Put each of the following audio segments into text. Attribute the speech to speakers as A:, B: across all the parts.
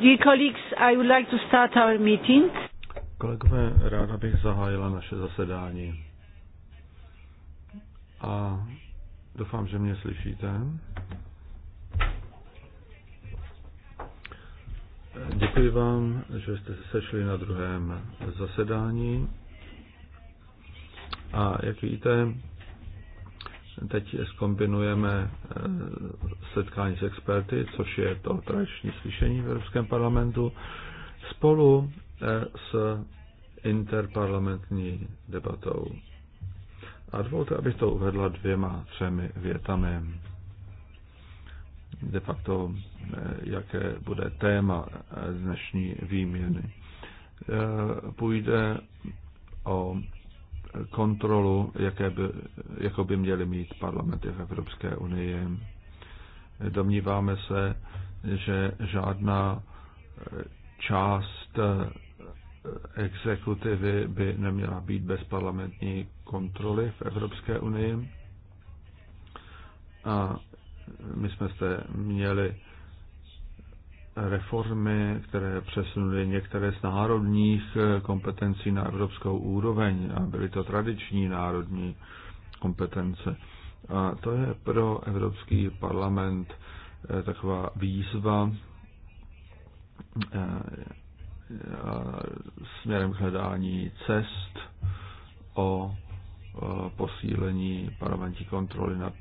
A: Dear
B: colleagues, I would like to start our meeting. Kolegové, ráda bych zahájila naše zasedání. A doufám, že mě slyšíte. Děkuji vám, že jste se sešli na druhém zasedání. A jak víte, Teď zkombinujeme eh, setkání s experty, což je to tradiční slyšení v Evropském parlamentu, spolu eh, s interparlamentní debatou. A dovolte, abych to uvedla dvěma, třemi větami. De facto, eh, jaké bude téma dnešní výměny. Půjde o kontrolu, jaké by, jako by měly mít parlamenty v Evropské unii. Domníváme se, že žádná eh, část eh, exekutivy by neměla být bez parlamentní kontroly v Evropské unii. A my jsme se měli reformy, které přesunuly některé z národních eh, kompetencí na evropskou úroveň a byly to tradiční národní kompetence. A to je pro Evropský parlament eh, taková výzva eh, směrem k hledání cest o posílení parlamentní kontroly nad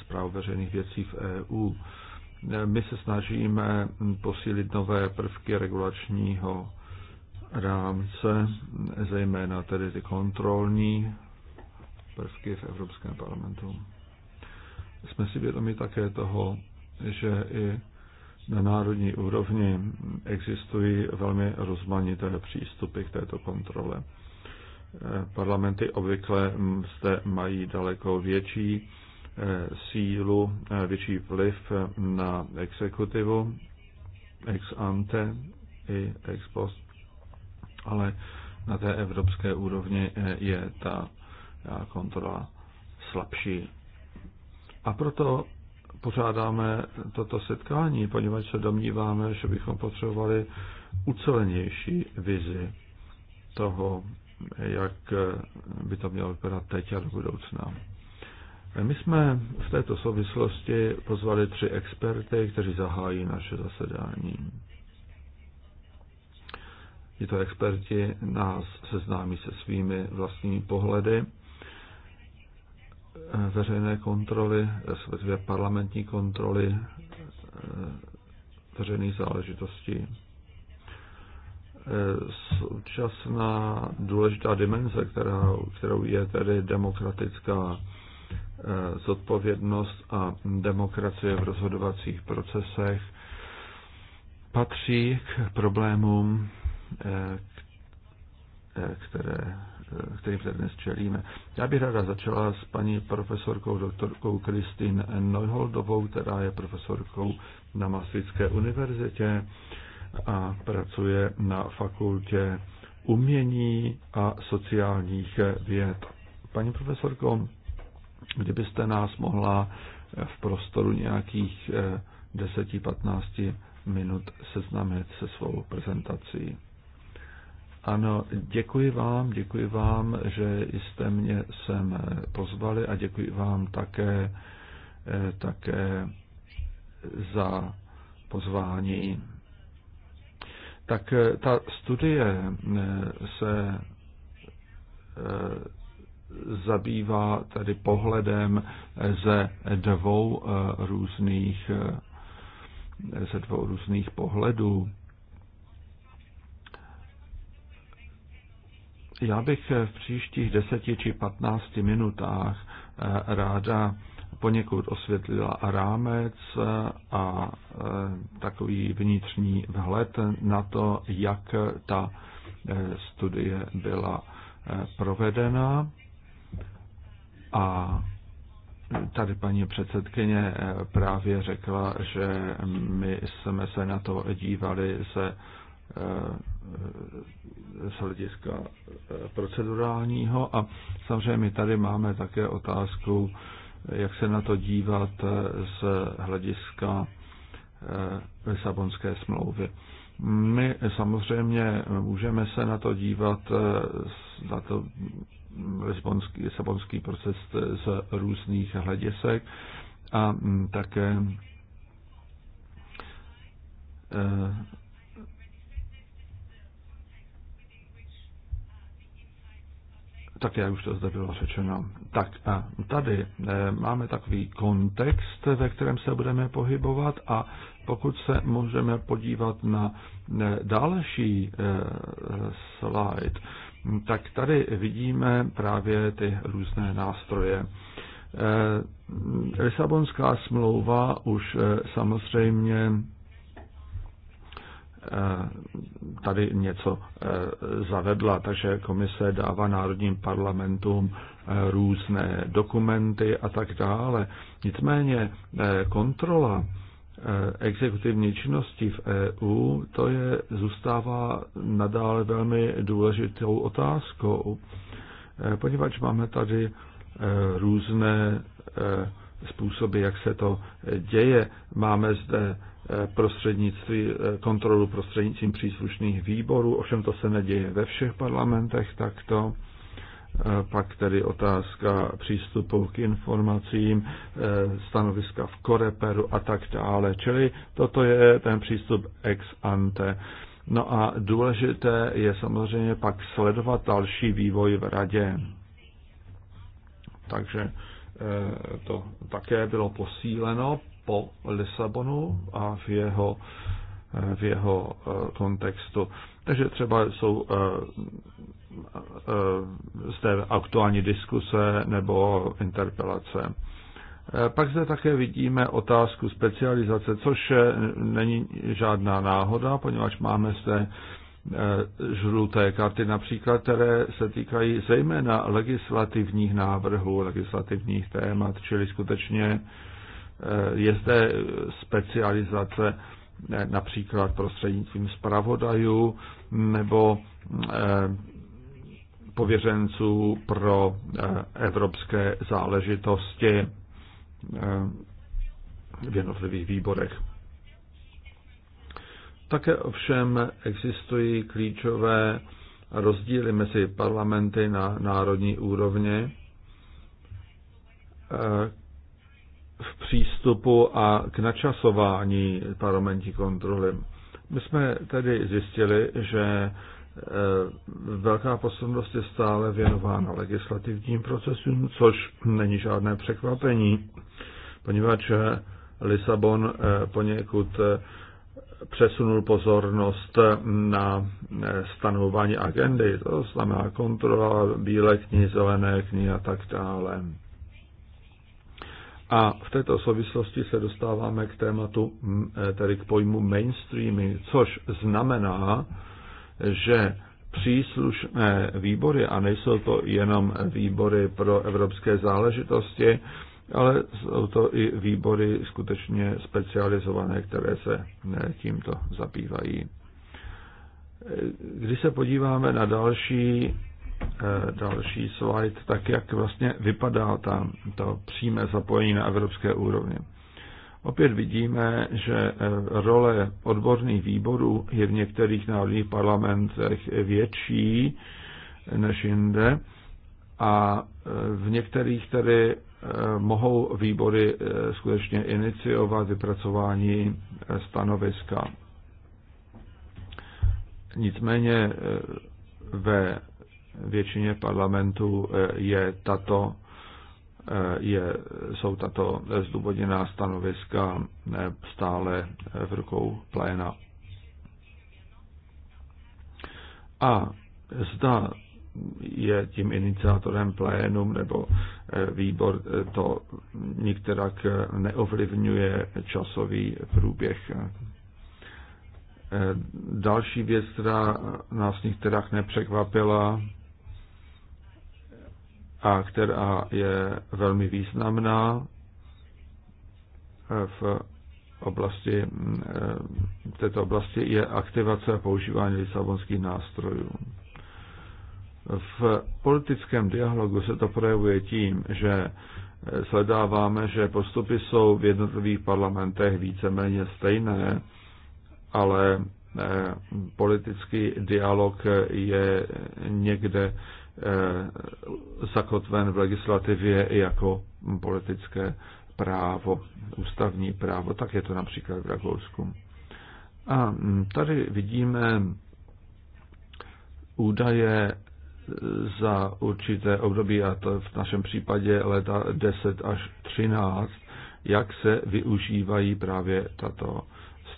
B: zprávou veřejných věcí v EU. My se snažíme posílit nové prvky regulačního rámce, zejména tedy ty kontrolní prvky v Evropském parlamentu. Jsme si vědomi také toho, že i na národní úrovni existují velmi rozmanité přístupy k této kontrole. Parlamenty obvykle zde mají daleko větší sílu, eh, větší vliv na exekutivu, ex ante i ex post, ale na té evropské úrovni eh, je ta kontrola slabší. A proto pořádáme toto setkání, poněvadž se domníváme, že bychom potřebovali ucelenější vizi toho, jak eh, by to mělo vypadat teď a do budoucna. My jsme v této souvislosti pozvali tři experty, kteří zahájí naše zasedání. Tito experti nás seznámí se svými vlastními pohledy veřejné kontroly, respektive parlamentní kontroly eh, veřejných záležitostí. Eh, současná důležitá dimenze, kterou, je tedy demokratická Eh, zodpovědnost a demokracie v rozhodovacích procesech patří k problémům, eh, eh, které, kterým se dnes čelíme. Já bych ráda začala s paní profesorkou doktorkou Kristin Neuholdovou, která je profesorkou na Maslické univerzitě a pracuje na fakultě umění a sociálních věd. Paní profesorko, kdybyste nás mohla eh, v prostoru nějakých 10-15 eh, minut seznámit se svou prezentací. Ano, děkuji vám, děkuji vám, že jste mě sem eh, pozvali a děkuji vám také, také za pozvání. Tak ta studie se zabývá tedy pohledem ze dvou eh, různých eh, ze dvou různých pohledů. Já bych eh, v příštích deseti či patnácti minutách ráda poněkud osvětlila rámec a takový vnitřní vhled na to, jak ta studie byla provedena a tady paní předsedkyně eh, právě řekla, že my jsme se na to dívali se eh, z hlediska eh, procedurálního a samozřejmě my tady máme také otázku, jak se na to dívat z hlediska Lisabonské smlouvy. My samozřejmě můžeme se na to dívat, na to lisbonský, lisabonský proces z různých hledisek a mm, také eh, tak já už to zde bylo řečeno. Tak a tady eh, máme takový kontext, ve kterém se budeme pohybovat a pokud se můžeme podívat na eh, další slide, tak tady vidíme právě ty různé nástroje. Eh, Lisabonská smlouva už eh, samozřejmě eh, tady něco zavedla, takže komise dává národním parlamentům různé dokumenty a tak dále. Nicméně kontrola Eh, exekutivní činnosti v EU, to je, zůstává nadále velmi důležitou otázkou, eh, poněvadž máme tady eh, různé způsoby, jak se to děje. Máme zde prostřednictví, kontrolu prostřednictvím příslušných výborů, ovšem to se neděje ve všech parlamentech takto pak tedy otázka přístupu k informacím, eh, stanoviska v koreperu a tak dále. Čili toto je ten přístup ex ante. No a důležité je samozřejmě pak sledovat další vývoj v radě. Takže eh, to také bylo posíleno po Lisabonu a v jeho, eh, v jeho kontextu. Takže třeba jsou té eh, aktuální diskuse nebo interpelace. Eh, pak zde také vidíme otázku specializace, což eh, není žádná náhoda, poněvadž máme zde žluté karty například, které se týkají zejména legislativních návrhů, legislativních témat, čili skutečně je zde specializace například prostřednictvím zpravodajů nebo pověřenců pro eh, evropské záležitosti eh, v jednotlivých výborech. Také ovšem existují klíčové rozdíly mezi parlamenty na národní úrovni eh, v přístupu a k načasování parlamentní kontroly. My jsme tedy zjistili, že Eh, velká pozornost je stále věnována legislativním procesům, což není žádné překvapení, poněvadž Lisabon eh, poněkud eh, přesunul pozornost na stanovování agendy, to znamená kontrola bílé knihy, zelené knihy a tak dále. A v této souvislosti se dostáváme k tématu, tedy k pojmu mainstreaming, což znamená, že příslušné výbory, a nejsou to jenom výbory pro evropské záležitosti, ale jsou to i výbory skutečně specializované, které se eh, tímto zabývají. Když se podíváme na další, eh, další slide, tak jak vlastně vypadá tam to přímé zapojení na evropské úrovni. Opět vidíme, že eh, role odborných výborů je v některých národních parlamentech větší než jinde a eh, v některých tedy eh, mohou výbory skutečně iniciovat vypracování stanoviska. Nicméně ve většině parlamentů je tato Eh, je, jsou tato zdůvodněná stanoviska eh, stále eh, v rukou pléna. A zda je tím iniciátorem plénum nebo výbor, to nikterak neovlivňuje časový průběh. Další věc, která nás nikterak nepřekvapila, a která je velmi významná eh, v oblasti, eh, v této oblasti je aktivace a používání lisabonských nástrojů. V politickém dialogu se to projevuje tím, že eh, sledáváme, že postupy jsou v jednotlivých parlamentech víceméně stejné, ale politický dialog je někde Eh, zakotven v legislativě i jako politické právo, ústavní právo, tak je to například v Rakousku. A tady vidíme údaje za určité období, a to v našem případě leta 10 až 13, jak se využívají právě tato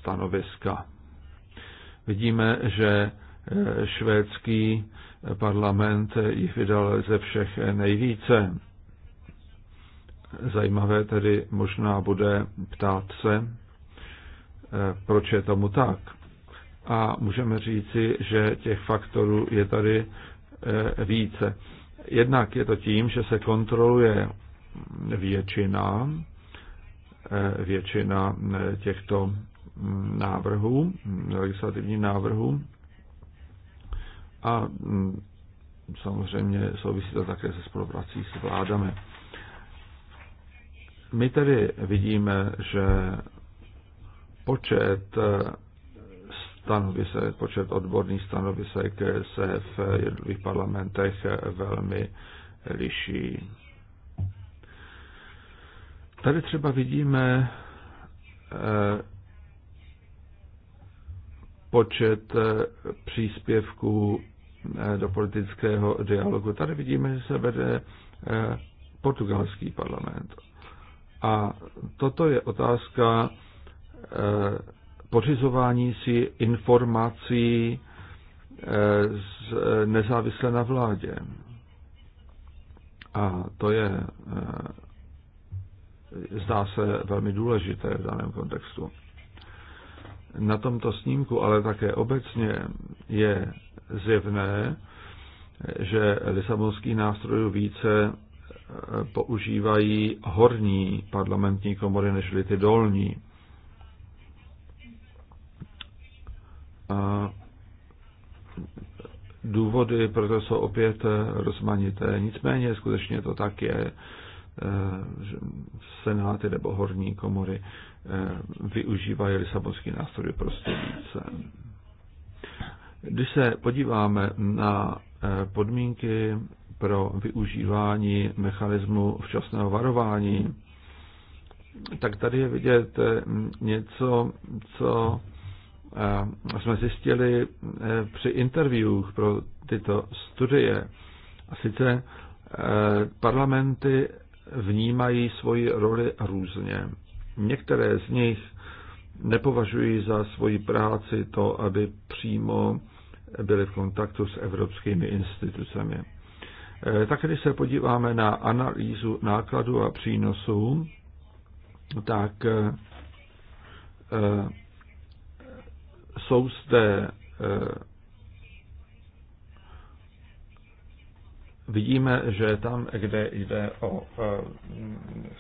B: stanoviska. Vidíme, že švédský parlament jich vydal ze všech nejvíce. Zajímavé tedy možná bude ptát se, proč je tomu tak. A můžeme říci, že těch faktorů je tady e, více. Jednak je to tím, že se kontroluje většina, e, většina e, těchto návrhů, legislativních návrhů, a mm, samozřejmě souvisí to také se spoluprací s vládami. My tedy vidíme, že počet eh, stanovisek, počet odborných stanovisek se v jednotlivých parlamentech velmi liší. Tady třeba vidíme eh, počet eh, příspěvků eh, do politického dialogu. Tady vidíme, že se vede eh, portugalský parlament. A toto je otázka pořizování si informací nezávisle na vládě. A to je, zdá se, velmi důležité v daném kontextu na tomto snímku, ale také obecně je zjevné, že lisabonský nástroj více eh, používají horní parlamentní komory než ty dolní. A důvody proto jsou opět eh, rozmanité. Nicméně skutečně to tak je. Eh, senáty nebo horní komory eh, využívají lisabonský nástroj prostě více. Když se podíváme na eh, podmínky pro využívání mechanismu včasného varování, tak tady je vidět něco, co jsme zjistili při interviewích pro tyto studie. A sice parlamenty vnímají svoji roli různě. Některé z nich nepovažují za svoji práci to, aby přímo byli v kontaktu s evropskými institucemi. Eh, tak když se podíváme na analýzu nákladů a přínosů, tak eh, eh, jsou zde vidíme, že tam, kde jde o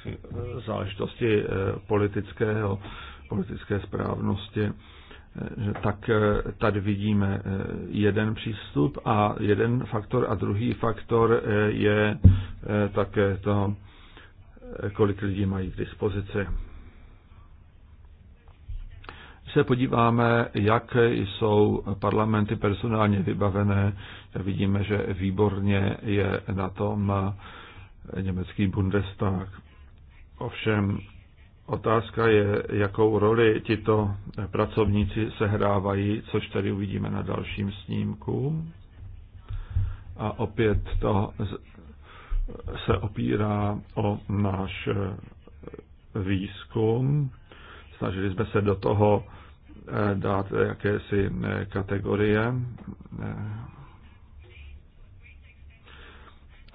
B: eh, záležitosti eh, politického, politické správnosti, eh, že tak tady vidíme jeden přístup a jeden faktor a druhý faktor je také to, kolik lidí mají k dispozici. Když se podíváme, jak jsou parlamenty personálně vybavené, Vidíme, že výborně je na tom německý Bundestag. Ovšem otázka je, jakou roli tito pracovníci sehrávají, což tady uvidíme na dalším snímku. A opět to se opírá o náš eh, výzkum. Snažili jsme se do toho eh, dát jakési eh, kategorie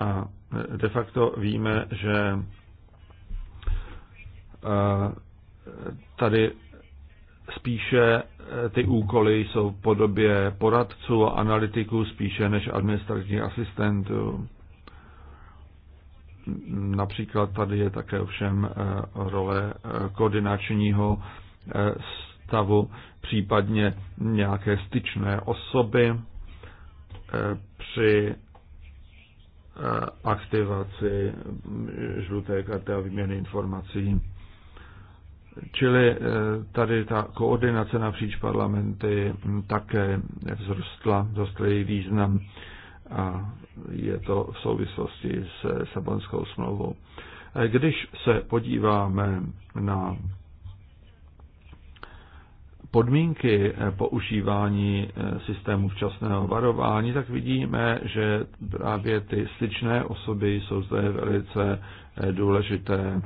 B: a de facto víme, že eh, tady spíše eh, ty úkoly jsou v podobě poradců a analytiků spíše než administrativních asistentů. Například tady je také ovšem eh, role koordinačního stavu, případně nějaké styčné osoby při aktivaci žluté karty a výměny informací. Čili e, tady ta koordinace napříč parlamenty také vzrostla, vzrostl její význam a je to v souvislosti s Sabonskou smlouvou. E, když se podíváme na podmínky eh, používání eh, systému včasného varování, tak vidíme, že právě ty styčné osoby jsou zde velice eh, důležité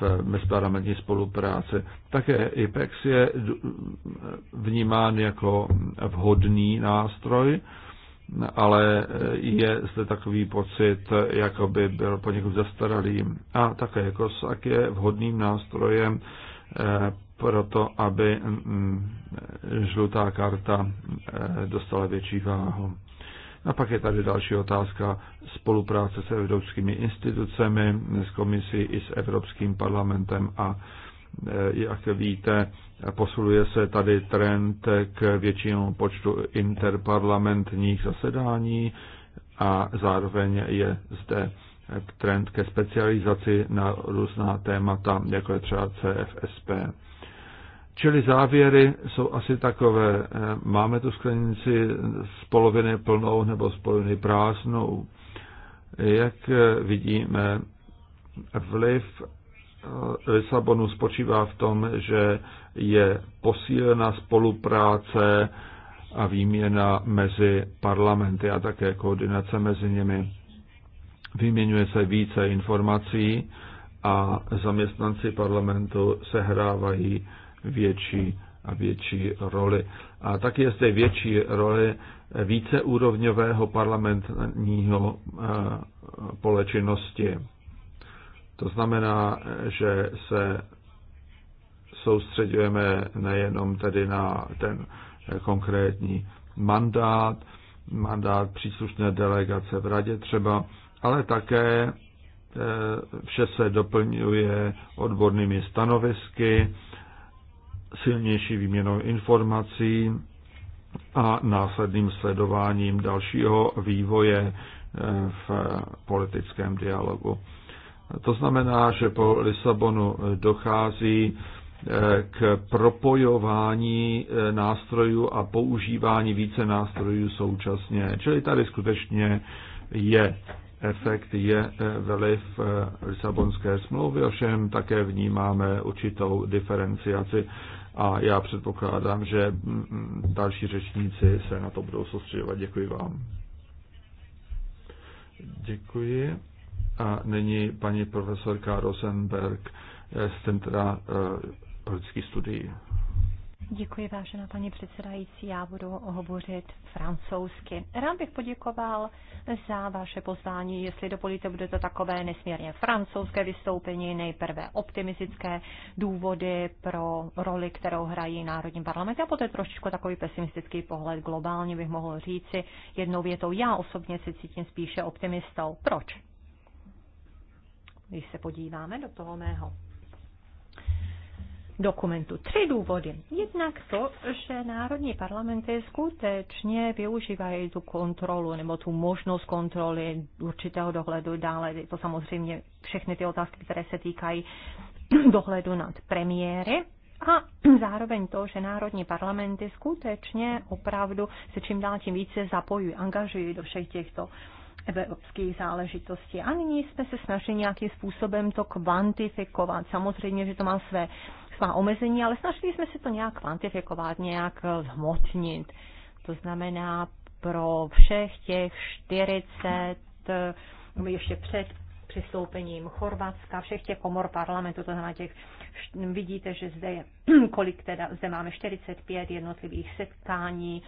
B: v mezparlamentní spolupráci. Také IPEX je vnímán jako vhodný nástroj, ale je zde takový pocit, jako by byl poněkud zastaralý. A také COSAC je vhodným nástrojem proto, aby mm, mm, žlutá karta eh, dostala větší váhu. A pak je tady další otázka spolupráce s evropskými institucemi, s komisí i s Evropským parlamentem a eh, jak víte, posiluje se tady trend k většímu počtu interparlamentních zasedání a zároveň je zde trend ke specializaci na různá témata, jako je třeba CFSP. Čili závěry jsou asi takové. Eh, máme tu sklenici z poloviny plnou nebo z poloviny prázdnou. Jak eh, vidíme, vliv eh, Lisabonu spočívá v tom, že je posílena spolupráce a výměna mezi parlamenty a také koordinace mezi nimi. Vyměňuje se více informací a zaměstnanci parlamentu sehrávají větší a větší roli. A taky je zde větší roli víceúrovňového parlamentního eh, polečinnosti. To znamená, že se soustředujeme nejenom tedy na ten eh, konkrétní mandát, mandát příslušné delegace v radě třeba, ale také eh, vše se doplňuje odbornými stanovisky silnější výměnou informací a následným sledováním dalšího vývoje eh, v politickém dialogu. To znamená, že po Lisabonu eh, dochází eh, k propojování nástrojů a používání více nástrojů současně. Čili tady skutečně je efekt, je vliv Lisabonské smlouvy, ovšem také vnímáme určitou diferenciaci a já předpokládám, že mm, mm, další řečníci se na to budou soustředovat. Děkuji vám. Děkuji. A nyní paní profesorka Rosenberg z Centra politických eh, studií.
C: Děkuji, vážená paní předsedající. Já budu hovořit francouzsky. Rád bych poděkoval za vaše pozvání. Jestli dovolíte, bude to takové nesmírně francouzské vystoupení, nejprve optimistické důvody pro roli, kterou hrají Národní parlament a poté trošičku takový pesimistický pohled. Globálně bych mohl říci jednou větou, já osobně se cítím spíše optimistou. Proč? Když se podíváme do toho mého dokumentu. Tři důvody. Jednak to, že národní parlamenty skutečně využívají tu kontrolu nebo tu možnost kontroly určitého dohledu dále. Je to samozřejmě všechny ty otázky, které se týkají dohledu nad premiéry, a zároveň to, že národní parlamenty skutečně opravdu se čím dál tím více zapojují, angažují do všech těchto evropských záležitostí. A nyní jsme se snažili nějakým způsobem to kvantifikovat. Samozřejmě, že to má své svá omezení, ale snažili jsme se to nějak kvantifikovat, nějak eh, zhmotnit. To znamená, pro všech těch 40, eh, ještě před přistoupením Chorvatska, všech těch komor parlamentu, to znamená těch, vidíte, že zde je, kolik teda, zde máme 45 jednotlivých setkání,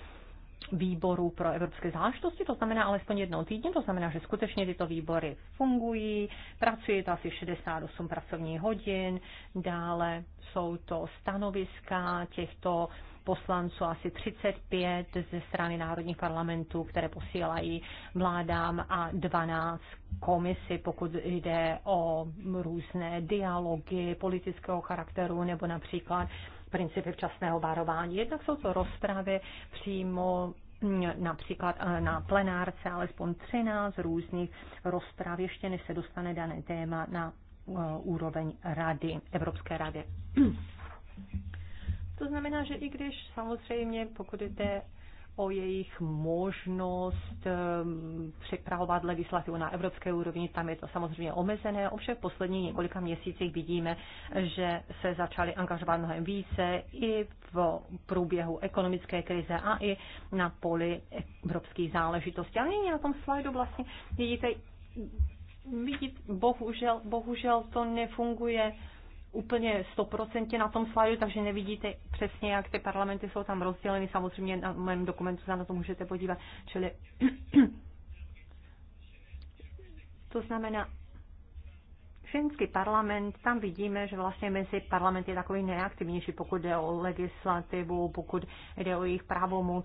C: výboru pro evropské záležitosti, to znamená alespoň jednou týdně, to znamená, že skutečně tyto výbory fungují, pracuje to asi 68 pracovních hodin, dále jsou to stanoviska těchto poslanců, asi 35 ze strany národních parlamentů, které posílají vládám a 12 komisi, pokud jde o různé dialogy politického charakteru nebo například principy včasného varování. Jednak jsou to rozpravy přímo mm, například eh, na plenárce alespoň 13 různých rozprav, ještě než se dostane dané téma na Eh, úroveň rady, Evropské rady. To znamená, že i když samozřejmě, pokud jde o jejich možnost eh, připravovat legislativu na evropské úrovni. Tam je to samozřejmě omezené, ovšem v posledních několika měsících vidíme, že se začaly angažovat mnohem více i v průběhu ekonomické krize a i na poli evropských záležitostí. A nyní na tom slajdu vlastně vidíte, Vidíte, bohužel, bohužel to nefunguje úplně stoprocentně na tom slajdu, takže nevidíte přesně, jak ty parlamenty jsou tam rozděleny. Samozřejmě na mém dokumentu se na to můžete podívat. Čili to znamená, finský parlament, tam vidíme, že vlastně mezi parlament je takový nejaktivnější, pokud jde o legislativu, pokud jde o jejich právomoc.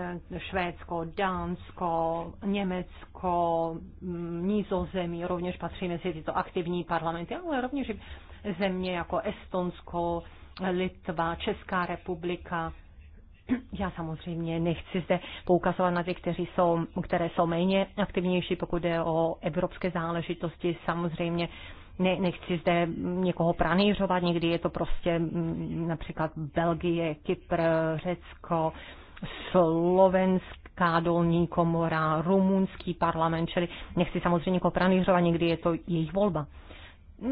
C: Eh, Švédsko, Dánsko, Německo, mm, Nízozemí rovněž patří mezi tyto aktivní parlamenty, ale rovněž země jako Estonsko, Litva, Česká republika. Já samozřejmě nechci zde poukazovat na ty, kteří jsou, které jsou méně aktivnější, pokud jde o evropské záležitosti. Samozřejmě ne, nechci zde někoho pranýřovat, někdy je to prostě mm, například Belgie, Kypr, Řecko, uh, slovenská dolní komora, rumunský parlament, čili nechci samozřejmě kopranýřovat, někdy je to jejich volba.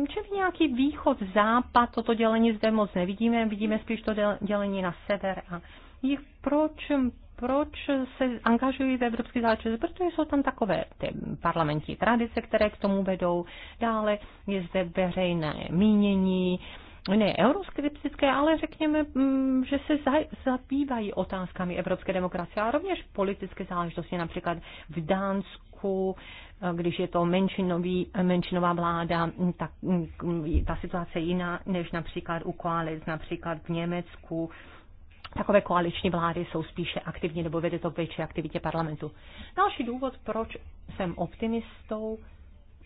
C: Čili nějaký východ, západ, toto dělení zde moc nevidíme, vidíme spíš to dělení na sever a jich proč proč se angažují v evropské záležitosti, protože jsou tam takové ty parlamentní tradice, které k tomu vedou. Dále je zde veřejné mínění, ne euroskeptické, ale řekněme, mm, že se zabývají otázkami evropské demokracie a rovněž politické záležitosti, například v Dánsku, eh, když je to menšinový, eh, menšinová vláda, mm, tak mm, ta situace je jiná než například u koalic, například v Německu. Takové koaliční vlády jsou spíše aktivní nebo vede to k větší aktivitě parlamentu. Další důvod, proč jsem optimistou,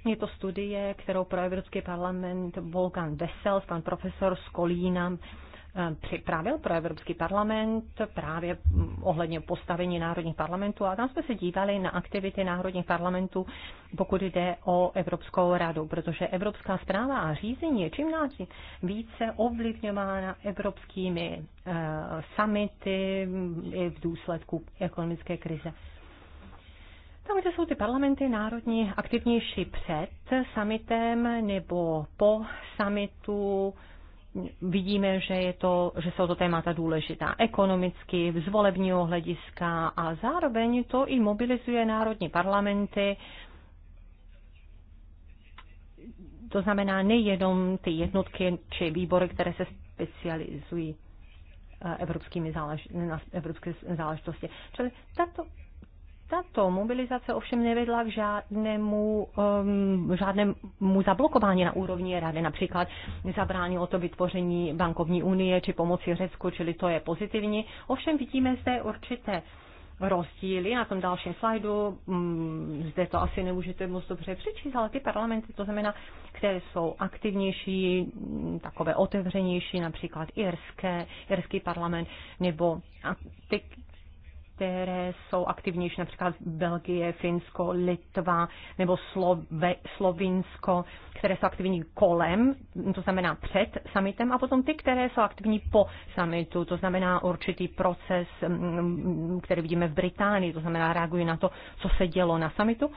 C: je to studie, kterou pro Evropský parlament Volkan Vesel, pan profesor z Kolína, eh, připravil pro Evropský parlament právě mm, ohledně postavení národních parlamentů a tam jsme se dívali na aktivity národních parlamentů, pokud jde o Evropskou radu, protože Evropská zpráva a řízení je čím dál více ovlivňována evropskými e, summity mm, i v důsledku ekonomické krize. Tam, no, kde jsou ty parlamenty národní aktivnější před summitem nebo po summitu, vidíme, že, je to, že jsou to témata důležitá ekonomicky, z volebního hlediska a zároveň to i mobilizuje národní parlamenty, to znamená nejenom ty jednotky či výbory, které se specializují eh, evropskými zálež, na evropské záležitosti. Čili tato tato mobilizace ovšem nevedla k žádnému, um, žádnému zablokování na úrovni rady. Například zabránilo to vytvoření bankovní unie či pomoci Řecku, čili to je pozitivní. Ovšem vidíme zde určité rozdíly na tom dalším slajdu. Mm, zde to asi nemůžete moc dobře přečíst, ale ty parlamenty, to znamená, které jsou aktivnější, mm, takové otevřenější, například irské, irský parlament, nebo ty, které jsou aktivnější, například Belgie, Finsko, Litva nebo Slove, Slovinsko, které jsou aktivní kolem, to znamená před summitem, a potom ty, které jsou aktivní po summitu, to znamená určitý proces, mm, který vidíme v Británii, to znamená reagují na to, co se dělo na summitu,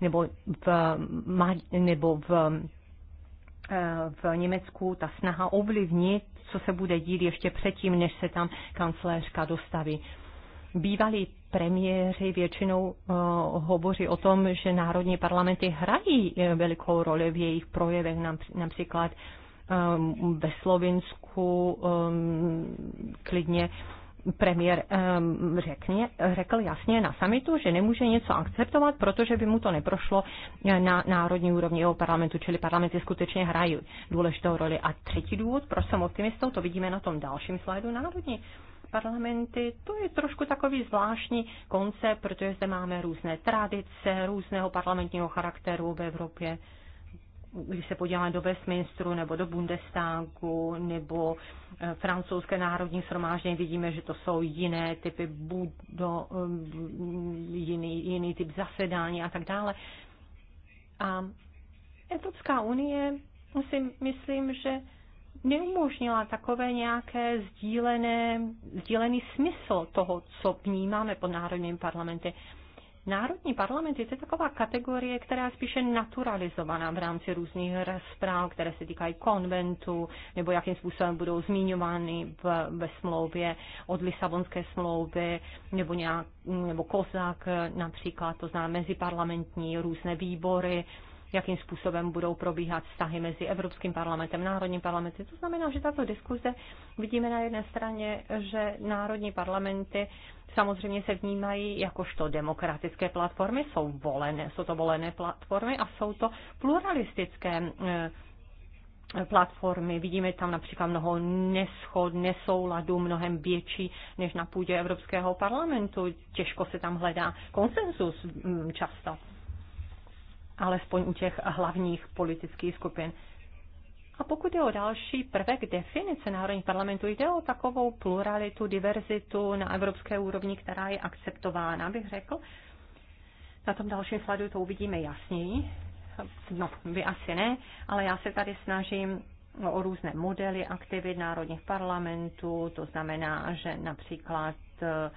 C: nebo v, nebo v eh, v Německu ta snaha ovlivnit, co se bude dít ještě předtím, než se tam kancléřka dostaví bývalí premiéři většinou uh, hovoří o tom, že národní parlamenty hrají eh, velikou roli v jejich projevech, například um, ve Slovinsku um, klidně premiér um, řekně, řekl jasně na samitu, že nemůže něco akceptovat, protože by mu to neprošlo na národní úrovni jeho parlamentu, čili parlamenty skutečně hrají důležitou roli. A třetí důvod, proč jsem optimistou, to vidíme na tom dalším slajdu národní parlamenty, to je trošku takový zvláštní koncept, protože zde máme různé tradice, různého parlamentního charakteru v Evropě. Když se podíváme do Westminsteru nebo do Bundestagu nebo eh, francouzské národní shromáždění, vidíme, že to jsou jiné typy budo, eh, jiný, jiný typ zasedání a tak dále. A Evropská unie si myslím, že neumožnila takové nějaké sdílené, sdílený smysl toho, co vnímáme pod národním parlamenty. Národní parlament je to taková kategorie, která je spíše naturalizovaná v rámci různých zpráv, které se týkají konventu, nebo jakým způsobem budou zmíňovány v, ve smlouvě od Lisabonské smlouvy, nebo, nějak, nebo kozák například, to znamená meziparlamentní různé výbory, jakým způsobem budou probíhat vztahy mezi Evropským parlamentem a Národním parlamentem. To znamená, že tato diskuze vidíme na jedné straně, že Národní parlamenty samozřejmě se vnímají jakožto demokratické platformy, jsou, volené, jsou to volené platformy a jsou to pluralistické eh, platformy. Vidíme tam například mnoho neschod, nesouladů, mnohem větší než na půdě Evropského parlamentu. Těžko se tam hledá konsensus mm, často alespoň u těch hlavních politických skupin. A pokud je o další prvek definice Národních parlamentu, jde o takovou pluralitu, diverzitu na evropské úrovni, která je akceptována, bych řekl. Na tom dalším sladu to uvidíme jasněji. No, vy asi ne, ale já se tady snažím o různé modely aktivit národních parlamentů, to znamená, že například eh,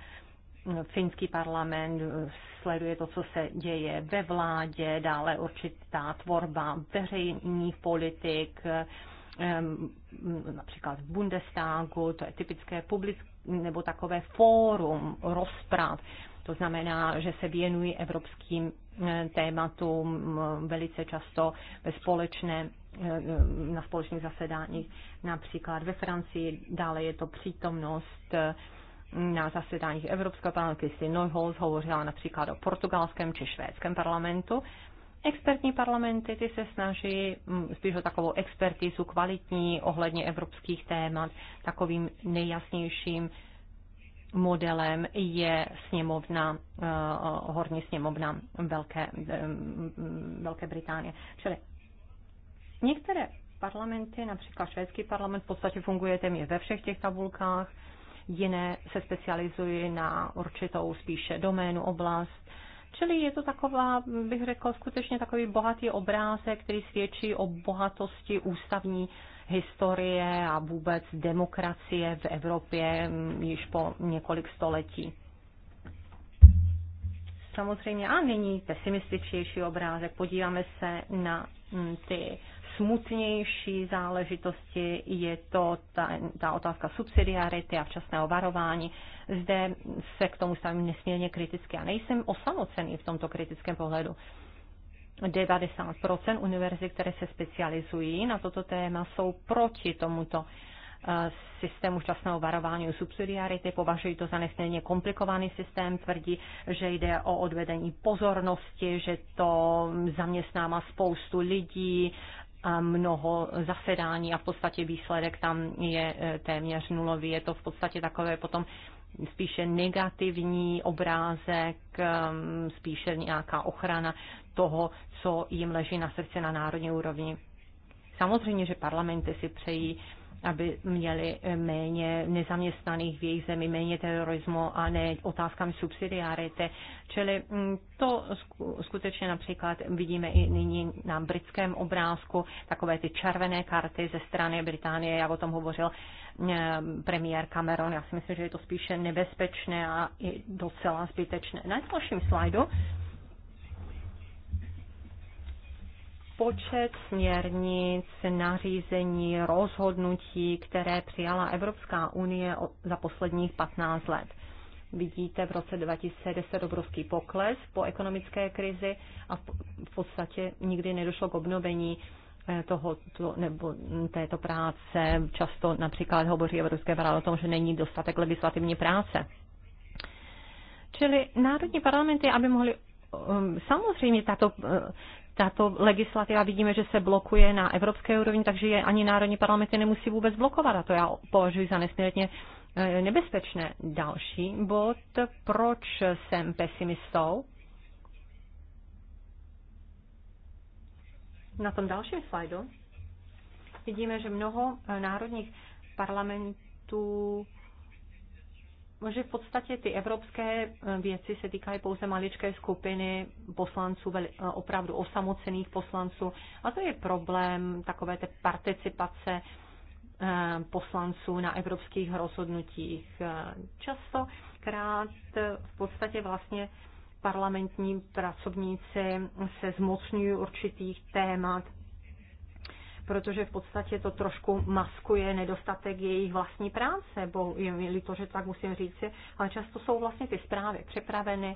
C: finský parlament eh, sleduje to, co se děje ve vládě, dále určitá tvorba veřejných politik, eh, například v Bundestagu, to je typické publické nebo takové fórum rozprav. To znamená, že se věnují evropským eh, tématům velice často ve společné, na společných zasedáních, například ve Francii. Dále je to přítomnost na zasedáních Evropského parlamentu Kristy Neuholz hovořila například o portugalském či švédském parlamentu. Expertní parlamenty ty se snaží mm, spíš o takovou expertizu kvalitní ohledně evropských témat. Takovým nejjasnějším modelem je sněmovna, uh, horní sněmovna Velké, um, Velké Británie. Čili některé parlamenty, například švédský parlament, v podstatě funguje téměř ve všech těch tabulkách, jiné se specializují na určitou spíše doménu, oblast. Čili je to taková, bych řekl, skutečně takový bohatý obrázek, který svědčí o bohatosti ústavní historie a vůbec demokracie v Evropě mm, již po několik století samozřejmě. A není pesimističnější obrázek. Podíváme se na mm, ty smutnější záležitosti je to ta, ta otázka subsidiarity a včasného varování. Zde se k tomu stavím nesmírně kriticky a nejsem osamocený v tomto kritickém pohledu. 90 univerzit, které se specializují na toto téma, jsou proti tomuto systému včasného varování u subsidiarity, považují to za nesmírně komplikovaný systém, tvrdí, že jde o odvedení pozornosti, že to zaměstnává spoustu lidí, a mnoho zasedání a v podstatě výsledek tam je eh, téměř nulový. Je to v podstatě takové potom spíše negativní obrázek, ehm, spíše nějaká ochrana toho, co jim leží na srdce na národní úrovni. Samozřejmě, že parlamenty si přejí aby měli eh, méně nezaměstnaných v jejich zemi, méně terorismu a ne otázkám subsidiarity. Čili mm, to skutečně například vidíme i nyní na britském obrázku, takové ty červené karty ze strany Británie, jak o tom hovořil eh, premiér Cameron. Já si myslím, že je to spíše nebezpečné a i docela zbytečné. Na dalším slajdu počet směrnic, nařízení, rozhodnutí, které přijala Evropská unie za posledních 15 let. Vidíte v roce 2010 obrovský pokles po ekonomické krizi a v podstatě nikdy nedošlo k obnovení eh, to, nebo této práce. Často například hovoří Evropské parlament o tom, že není dostatek legislativní práce. Čili národní parlamenty, aby mohly eh, samozřejmě tato eh, tato legislativa vidíme, že se blokuje na evropské úrovni, takže je ani národní parlamenty nemusí vůbec blokovat a to já považuji za nesmírně eh, nebezpečné. Další bod, proč jsem pesimistou? Na tom dalším slajdu vidíme, že mnoho eh, národních parlamentů že v podstatě ty evropské eh, věci se týkají pouze maličké skupiny poslanců, eh, opravdu osamocených poslanců. A to je problém takové té participace eh, poslanců na evropských rozhodnutích. Často krát v podstatě vlastně parlamentní pracovníci se zmocňují určitých témat protože v podstatě to trošku maskuje nedostatek jejich vlastní práce, bo je mi líto, že tak musím říci, ale často jsou vlastně ty zprávy připraveny,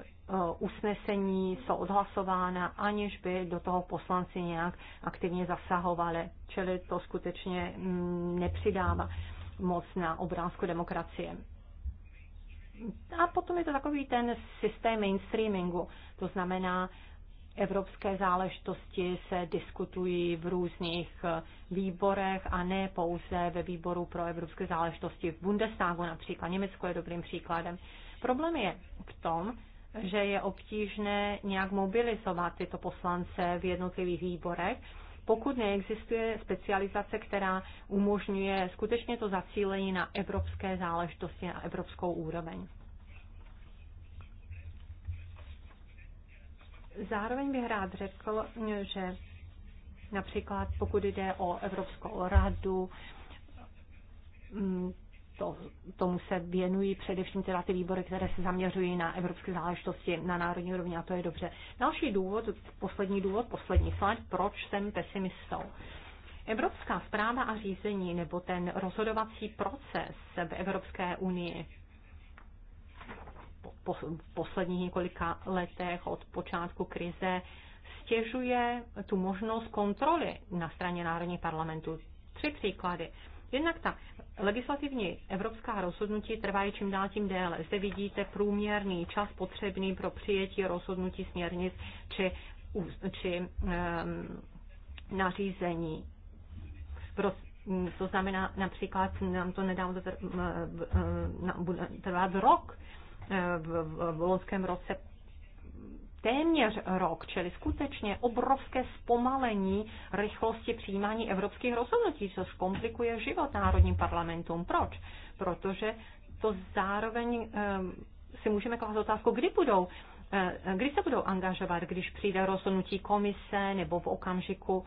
C: eh, usnesení jsou odhlasována, aniž by do toho poslanci nějak aktivně zasahovali. Čili to skutečně mm, nepřidává moc na obrázku demokracie. A potom je to takový ten systém mainstreamingu, to znamená Evropské záležitosti se diskutují v různých eh, výborech a ne pouze ve výboru pro evropské záležitosti v Bundestagu například. Německo je dobrým příkladem. Problém je v tom, že je obtížné nějak mobilizovat tyto poslance v jednotlivých výborech, pokud neexistuje specializace, která umožňuje skutečně to zacílení na evropské záležitosti, na evropskou úroveň. Zároveň bych rád řekl, že například pokud jde o Evropskou radu, mm, to, tomu se věnují především teda ty výbory, které se zaměřují na evropské záležitosti na národní úrovni a to je dobře. Další důvod, poslední důvod, poslední slide, proč jsem pesimistou. Evropská zpráva a řízení nebo ten rozhodovací proces v Evropské unii v posledních několika letech od počátku krize stěžuje tu možnost kontroly na straně Národní parlamentu. Tři příklady. Jednak ta legislativní evropská rozhodnutí trvají čím dál tím déle. Zde vidíte průměrný čas potřebný pro přijetí rozhodnutí směrnic či, či um, nařízení. Pro, hm, to znamená, například nám to nedávno trvá, trvá rok, Eh, v, v loňském roce téměř rok, čili skutečně obrovské zpomalení rychlosti přijímání evropských rozhodnutí, což komplikuje život národním parlamentům. Proč? Protože to zároveň ehm, si můžeme klást otázku, kdy budou eh, kdy se budou angažovat, když přijde rozhodnutí komise nebo v okamžiku,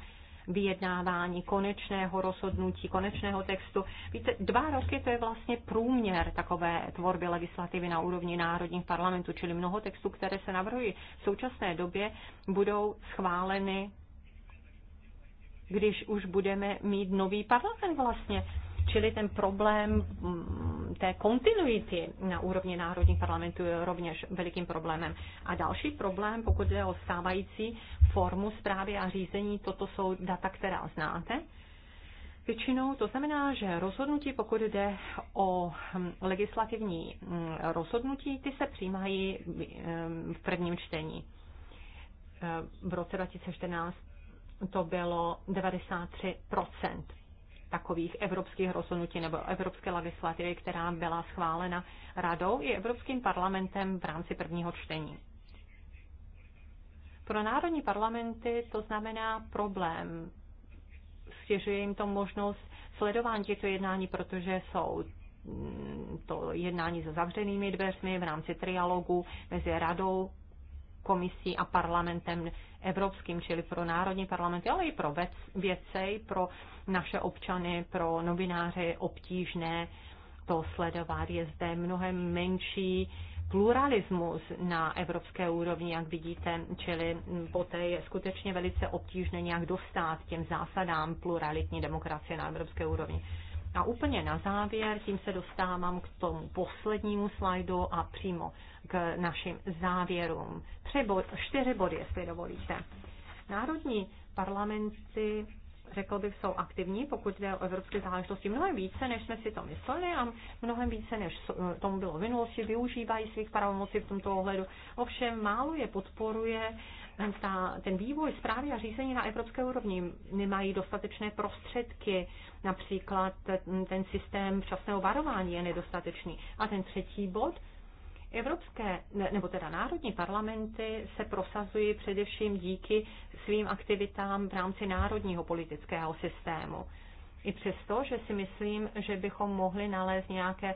C: vyjednávání konečného rozhodnutí, konečného textu. Víte, dva roky to je vlastně průměr takové tvorby legislativy na úrovni národních parlamentů, čili mnoho textů, které se navrhují v současné době, budou schváleny když už budeme mít nový parlament vlastně Čili ten problém mm, té kontinuity na úrovni národních parlamentů je rovněž velikým problémem. A další problém, pokud jde o stávající formu zprávy a řízení, toto jsou data, která znáte. Většinou to znamená, že rozhodnutí, pokud jde o hm, legislativní hm, rozhodnutí, ty se přijímají hm, v prvním čtení. V roce 2014 to bylo 93 takových evropských rozhodnutí nebo evropské legislativy, která byla schválena radou i Evropským parlamentem v rámci prvního čtení. Pro národní parlamenty to znamená problém. Stěžuje jim to možnost sledování těchto jednání, protože jsou mm, to jednání se zavřenými dveřmi v rámci trialogu mezi radou, komisí a parlamentem evropským, čili pro národní parlamenty, ale i pro věcej, pro naše občany, pro novináře je obtížné to sledovat. Je zde mnohem menší pluralismus na evropské úrovni, jak vidíte, čili poté je skutečně velice obtížné nějak dostat těm zásadám pluralitní demokracie na evropské úrovni. A úplně na závěr, tím se dostávám k tomu poslednímu slajdu a přímo k našim závěrům. Tři bod, čtyři body, jestli dovolíte. Národní parlamenty řekl bych, jsou aktivní, pokud jde o evropské záležitosti, mnohem více, než jsme si to mysleli a mnohem více, než eh, tomu bylo v minulosti, využívají svých pravomocí v tomto ohledu. Ovšem málo je podporuje eh, ta, ten vývoj zprávy a řízení na evropské úrovni. Nemají dostatečné prostředky, například eh, ten systém včasného varování je nedostatečný. A ten třetí bod, Evropské, nebo teda národní parlamenty se prosazují především díky svým aktivitám v rámci národního politického systému. I přesto, že si myslím, že bychom mohli nalézt nějaké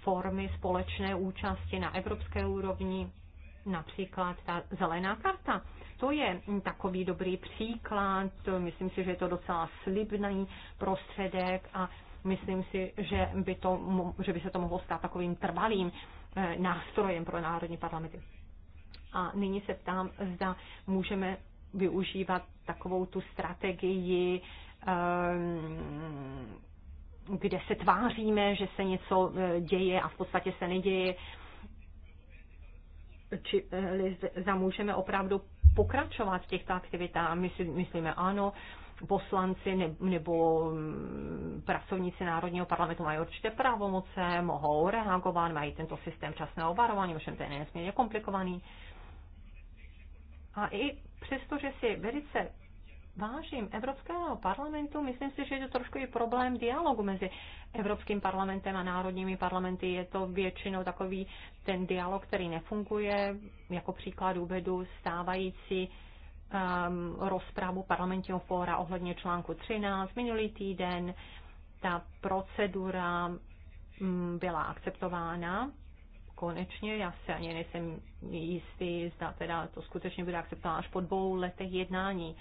C: formy společné účasti na evropské úrovni, například ta zelená karta. To je takový dobrý příklad, myslím si, že je to docela slibný prostředek a myslím si, že by, to, že by se to mohlo stát takovým trvalým Eh, nástrojem pro národní parlamenty. A nyní se ptám, zda můžeme využívat takovou tu strategii, ehm, kde se tváříme, že se něco eh, děje a v podstatě se neděje, či eh, zda můžeme opravdu pokračovat v těchto aktivitách. My si myslíme ano, poslanci nebo mm, pracovníci Národního parlamentu mají určité pravomoce, mohou reagovat, mají tento systém časného varování, ovšem ten je nesmírně komplikovaný. A i přesto, že si velice vážím Evropského parlamentu, myslím si, že je to trošku i problém dialogu mezi Evropským parlamentem a národními parlamenty. Je to většinou takový ten dialog, který nefunguje. Jako příklad uvedu stávající um, rozprávu parlamentního fóra ohledně článku 13 minulý týden. Ta procedura um, byla akceptována konečně, já se ani nejsem jistý, zda teda to skutečně bude akceptováno až po dvou letech jednání.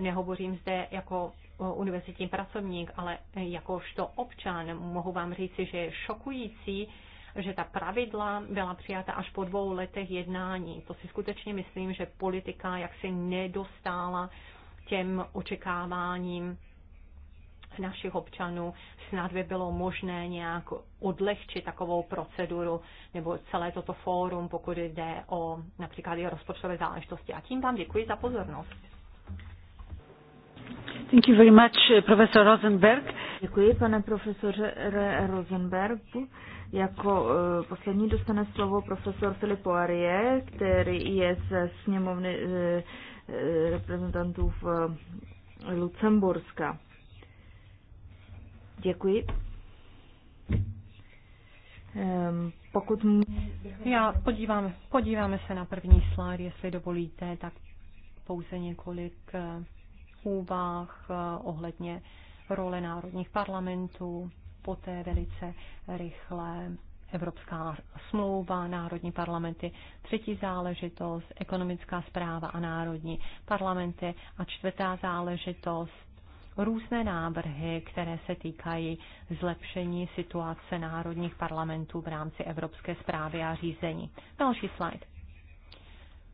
C: Nehovořím zde jako univerzitní pracovník, ale jakožto občan mohu vám říci, že je šokující, že ta pravidla byla přijata až po dvou letech jednání. To si skutečně myslím, že politika jaksi nedostála těm očekáváním našich občanů. Snad by bylo možné nějak odlehčit takovou proceduru nebo celé toto fórum, pokud jde o například i rozpočtové záležitosti. A tím vám děkuji za
A: pozornost. Thank you very much, eh, profesor Rosenberg. Děkuji, pane profesore Rosenbergu. Jako eh, poslední dostane slovo profesor Filip Poirie, který je ze sněmovny eh, eh, reprezentantů v Lucemburska. Děkuji. Ehm, pokud
C: Já podíváme, podíváme se na první slide, jestli dovolíte, tak pouze několik úvah ohledně role národních parlamentů poté velice rychle Evropská smlouva, národní parlamenty, třetí záležitost, ekonomická zpráva a národní parlamenty a čtvrtá záležitost, různé návrhy, které se týkají zlepšení situace národních parlamentů v rámci evropské zprávy a řízení. Další slide.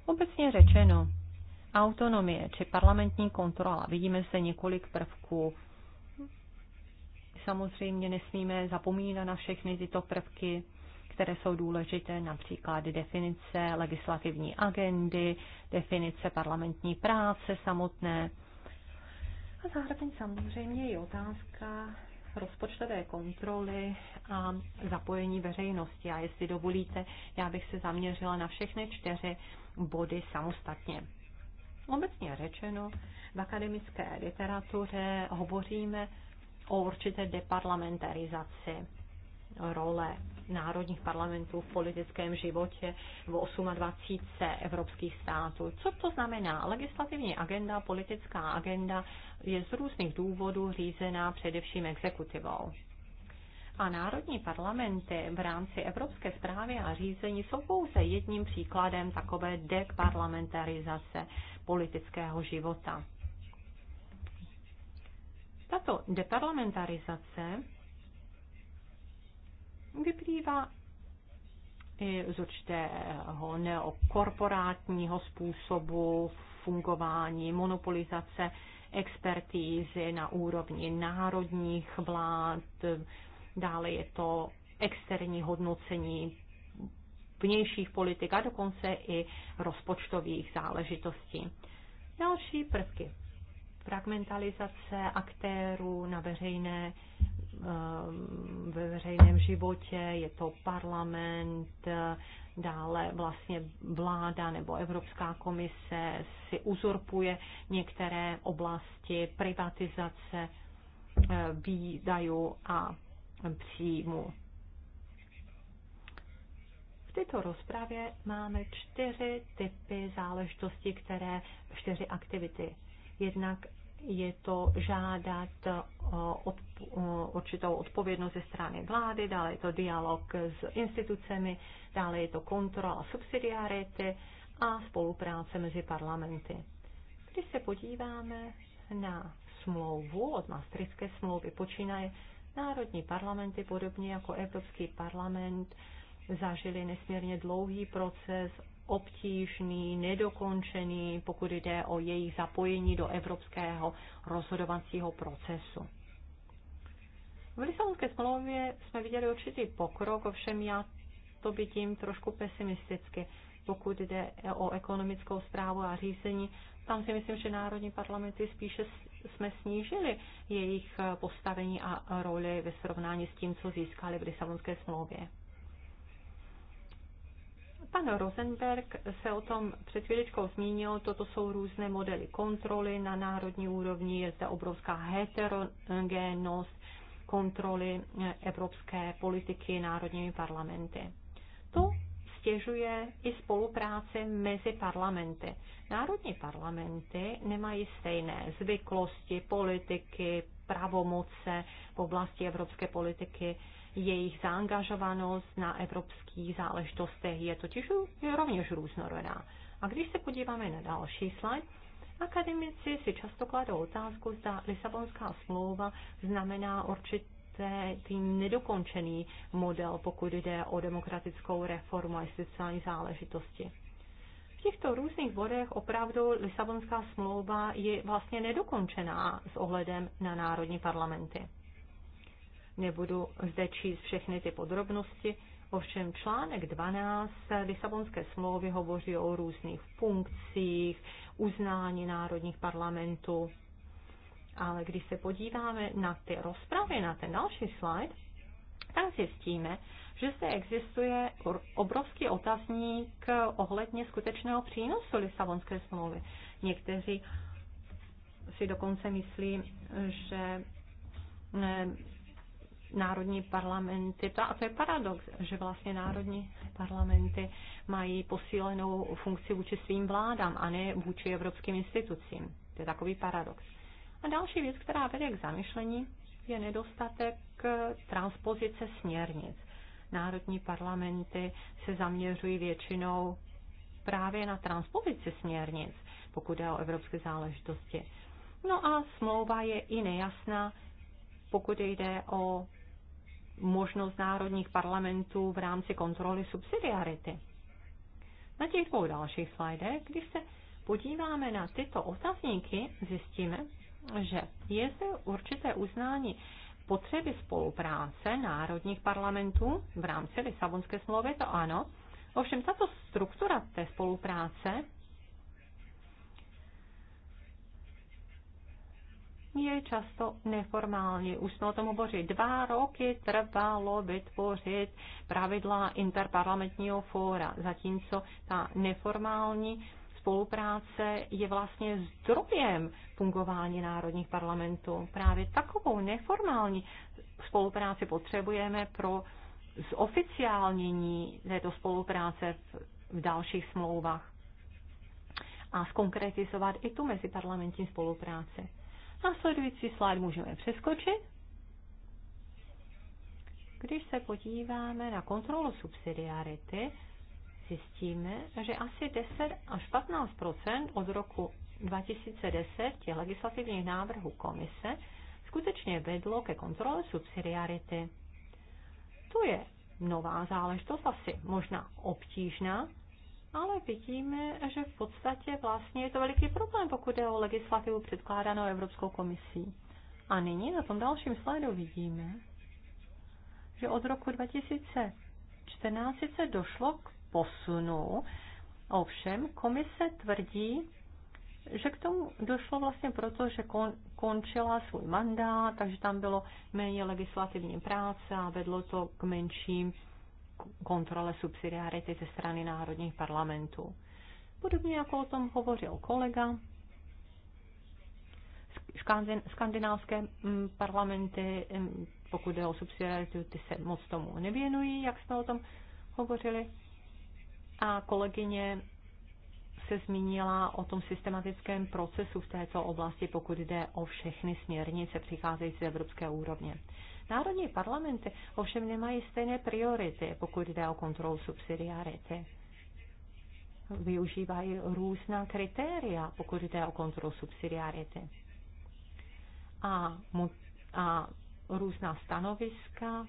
C: Obecně řečeno, autonomie či parlamentní kontrola. Vidíme zde několik prvků samozřejmě nesmíme zapomínat na všechny tyto prvky, které jsou důležité, například definice legislativní agendy, definice parlamentní práce samotné. A zároveň samozřejmě i otázka rozpočtové kontroly a zapojení veřejnosti. A jestli dovolíte, já bych se zaměřila na všechny čtyři body samostatně. Obecně řečeno, v akademické literatuře hovoříme o určité deparlamentarizaci role národních parlamentů v politickém životě v 28 evropských států. Co to znamená? Legislativní agenda, politická agenda je z různých důvodů řízená především exekutivou. A národní parlamenty v rámci evropské zprávy a řízení jsou pouze jedním příkladem takové deparlamentarizace politického života. Tato deparlamentarizace vyplývá i z určitého neokorporátního způsobu fungování, monopolizace expertízy na úrovni národních vlád, dále je to externí hodnocení vnějších politik a dokonce i rozpočtových záležitostí. Další prvky fragmentalizace aktérů na veřejné, eh, ve veřejném životě, je to parlament, eh, dále vlastně vláda nebo Evropská komise si uzurpuje některé oblasti privatizace eh, výdajů a příjmu. V této rozpravě máme čtyři typy záležitosti, které, čtyři aktivity, Jednak je to žádat eh, od, eh, určitou odpovědnost ze strany vlády, dále je to dialog s institucemi, dále je to kontrola subsidiarity a spolupráce mezi parlamenty. Když se podíváme na smlouvu od Maastrichtské smlouvy, počínaje národní parlamenty, podobně jako Evropský parlament, zažili nesmírně dlouhý proces obtížný, nedokončený, pokud jde o jejich zapojení do evropského rozhodovacího procesu. V Lisabonské smlouvě jsme viděli určitý pokrok, ovšem já to vidím trošku pesimisticky. Pokud jde o ekonomickou zprávu a řízení, tam si myslím, že národní parlamenty spíše jsme snížili jejich postavení a roli ve srovnání s tím, co získali v Lisabonské smlouvě. Pan Rosenberg se o tom před chvíličkou zmínil, toto jsou různé modely kontroly na národní úrovni, je zde obrovská heterogénnost kontroly eh, evropské politiky národními parlamenty. To stěžuje i spolupráce mezi parlamenty. Národní parlamenty nemají stejné zvyklosti, politiky, pravomoce v oblasti evropské politiky jejich zaangažovanost na evropských záležitostech je totiž je rovněž různorodá. A když se podíváme na další slide, akademici si často kladou otázku, zda Lisabonská smlouva znamená určitě tým nedokončený model, pokud jde o demokratickou reformu a sociální záležitosti. V těchto různých bodech opravdu Lisabonská smlouva je vlastně nedokončená s ohledem na národní parlamenty. Nebudu zde číst všechny ty podrobnosti, ovšem článek 12 Lisabonské smlouvy hovoří o různých funkcích, uznání národních parlamentů. Ale když se podíváme na ty rozpravy, na ten další slide, tak zjistíme, že zde existuje obrovský otazník ohledně skutečného přínosu Lisabonské smlouvy. Někteří si dokonce myslí, že národní parlamenty. A to je paradox, že vlastně národní parlamenty mají posílenou funkci vůči svým vládám a ne vůči evropským institucím. To je takový paradox. A další věc, která vede k zamišlení, je nedostatek eh, transpozice směrnic. Národní parlamenty se zaměřují většinou právě na transpozici směrnic, pokud je o evropské záležitosti. No a smlouva je i nejasná, pokud jde o možnost národních parlamentů v rámci kontroly subsidiarity. Na těch dvou dalších slajdech, když se podíváme na tyto otazníky, zjistíme, že je zde určité uznání potřeby spolupráce národních parlamentů v rámci Lisabonské smlouvy, to ano. Ovšem tato struktura té spolupráce je často neformální. Už jsme o tom hovořili. Dva roky trvalo vytvořit pravidla interparlamentního fóra, zatímco ta neformální spolupráce je vlastně zdrojem fungování národních parlamentů. Právě takovou neformální spolupráci potřebujeme pro zoficiálnění této spolupráce v dalších smlouvách a zkonkretizovat i tu meziparlamentní spolupráci. Nasledující slide můžeme přeskočit. Když se podíváme na kontrolu subsidiarity, zjistíme, že asi 10 až 15 od roku 2010 těch legislativních návrhů komise skutečně vedlo ke kontrole subsidiarity. To je nová záležitost, asi možná obtížná ale vidíme, že v podstatě vlastně je to veliký problém, pokud je o legislativu předkládanou Evropskou komisí. A nyní na tom dalším slajdu vidíme, že od roku 2014 se došlo k posunu, ovšem komise tvrdí, že k tomu došlo vlastně proto, že kon, končila svůj mandát, takže tam bylo méně legislativní práce a vedlo to k menším kontrole subsidiarity ze strany národních parlamentů. Podobně jako o tom hovořil kolega, skandinávské mm, parlamenty, mm, pokud jde o subsidiaritu, ty se moc tomu nevěnují, jak jsme o tom hovořili. A kolegyně se zmínila o tom systematickém procesu v této oblasti, pokud jde o všechny směrnice přicházející z evropské úrovně. Národní parlamenty ovšem nemají stejné priority, pokud jde o kontrolu subsidiarity. Využívají různá kritéria, pokud jde o kontrolu subsidiarity. A, a různá stanoviska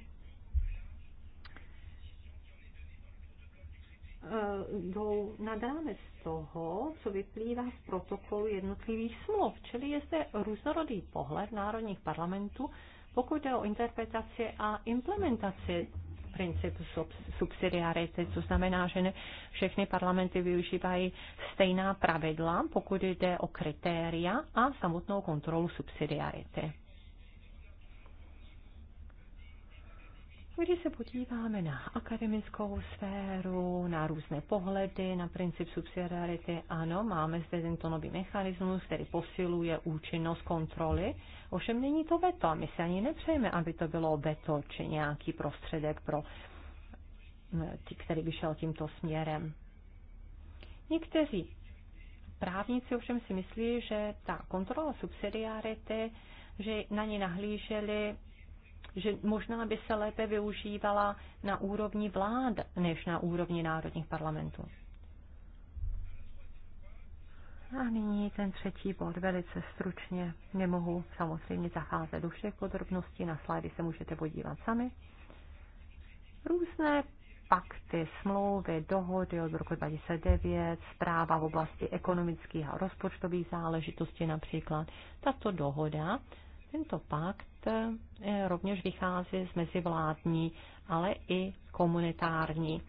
C: e, jdou nad rámec toho, co vyplývá z protokolu jednotlivých smluv. Čili je zde různorodý pohled národních parlamentů pokud jde o interpretaci a implementaci principu subsidiarity, co znamená, že ne všechny parlamenty využívají stejná pravidla, pokud jde o kritéria a samotnou kontrolu subsidiarity. Když se podíváme na akademickou sféru, na různé pohledy, na princip subsidiarity, ano, máme zde tento nový mechanismus, který posiluje účinnost kontroly, ovšem není to veto a my se ani nepřejeme, aby to bylo veto či nějaký prostředek pro ty, eh, který by šel tímto směrem. Někteří právníci ovšem si myslí, že ta kontrola subsidiarity, že na ní nahlíželi že možná by se lépe využívala na úrovni vlád než na úrovni národních parlamentů. A nyní ten třetí bod, velice stručně. Nemohu samozřejmě zacházet do všech podrobností, na slajdy se můžete podívat sami. Různé pakty, smlouvy, dohody od roku 2009, zpráva v oblasti ekonomických a rozpočtových záležitostí například. Tato dohoda tento pakt eh, rovněž vychází z mezivládní, ale i komunitární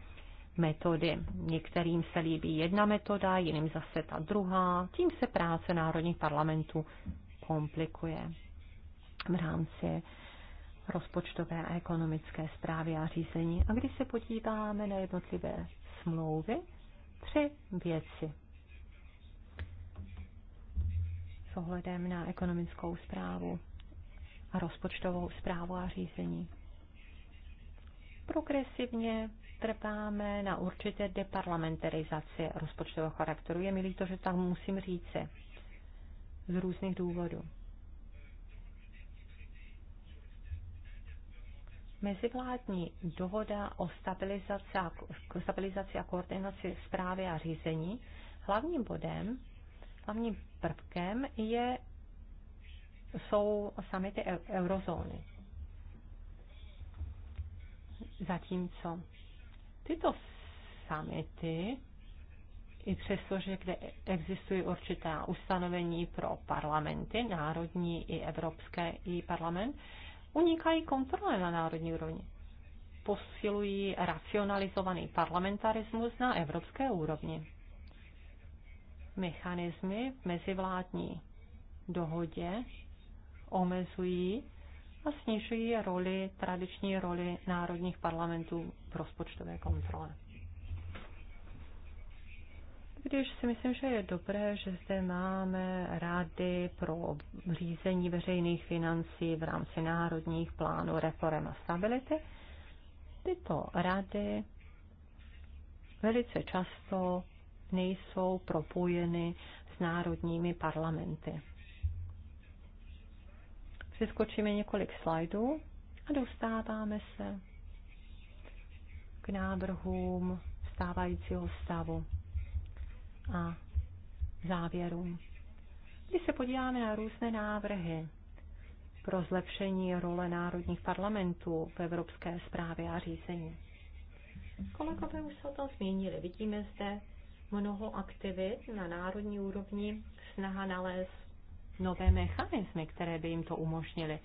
C: metody. Některým se líbí jedna metoda, jiným zase ta druhá. Tím se práce národních parlamentů komplikuje v rámci rozpočtové a ekonomické zprávy a řízení. A když se podíváme na jednotlivé smlouvy, tři věci. S ohledem na ekonomickou zprávu a rozpočtovou zprávu a řízení. Progresivně trpáme na určité deparlamentarizaci rozpočtového charakteru. Je mi líto, že tak musím říci z různých důvodů. Mezivládní dohoda o stabilizaci a, stabilizaci a koordinaci zprávy a řízení hlavním bodem, hlavním prvkem je jsou samity eurozóny. Zatímco tyto samity, i přestože kde existují určitá ustanovení pro parlamenty, národní i evropské i parlament, unikají kontrole na národní úrovni. Posilují racionalizovaný parlamentarismus na evropské úrovni. Mechanismy v mezivládní dohodě omezují a snižují roli, tradiční roli národních parlamentů v rozpočtové kontrole. Když si myslím, že je dobré, že zde máme rady pro řízení veřejných financí v rámci národních plánů reform a stability, tyto rady velice často nejsou propojeny s národními parlamenty přeskočíme několik slajdů a dostáváme se k návrhům stávajícího stavu a závěrům. Když se podíváme na různé návrhy pro zlepšení role národních parlamentů v evropské správě a řízení. Kolegové už se o tom zmínili. Vidíme zde mnoho aktivit na národní úrovni, snaha nalézt nové mechanismy, které by jim to umožnily,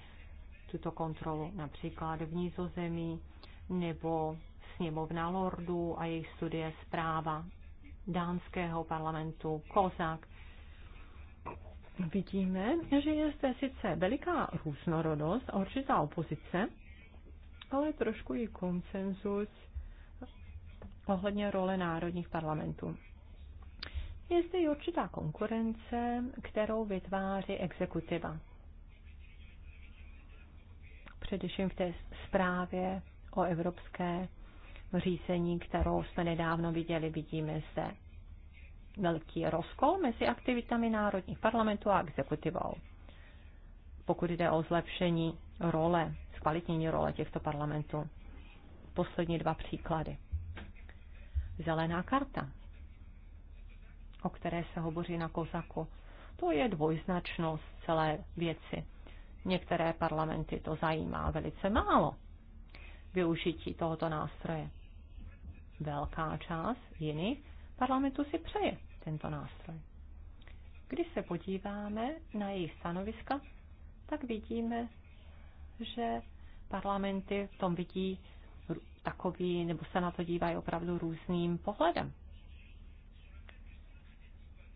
C: tuto kontrolu, například v Nízozemí nebo sněmovna lordů a jejich studie zpráva dánského parlamentu Kozak. Vidíme, že je zde sice veliká různorodost a určitá opozice, ale trošku i konsenzus ohledně role národních parlamentů. Je zde i určitá konkurence, kterou vytváří exekutiva. Především v té zprávě o evropské řízení, kterou jsme nedávno viděli, vidíme zde velký rozkol mezi aktivitami národních parlamentů a exekutivou. Pokud jde o zlepšení role, zkvalitnění role těchto parlamentů. Poslední dva příklady. Zelená karta o které se hovoří na Kozaku. To je dvojznačnost celé věci. Některé parlamenty to zajímá velice málo využití tohoto nástroje. Velká část jiných parlamentů si přeje tento nástroj. Když se podíváme na jejich stanoviska, tak vidíme, že parlamenty v tom vidí takový, nebo se na to dívají opravdu různým pohledem.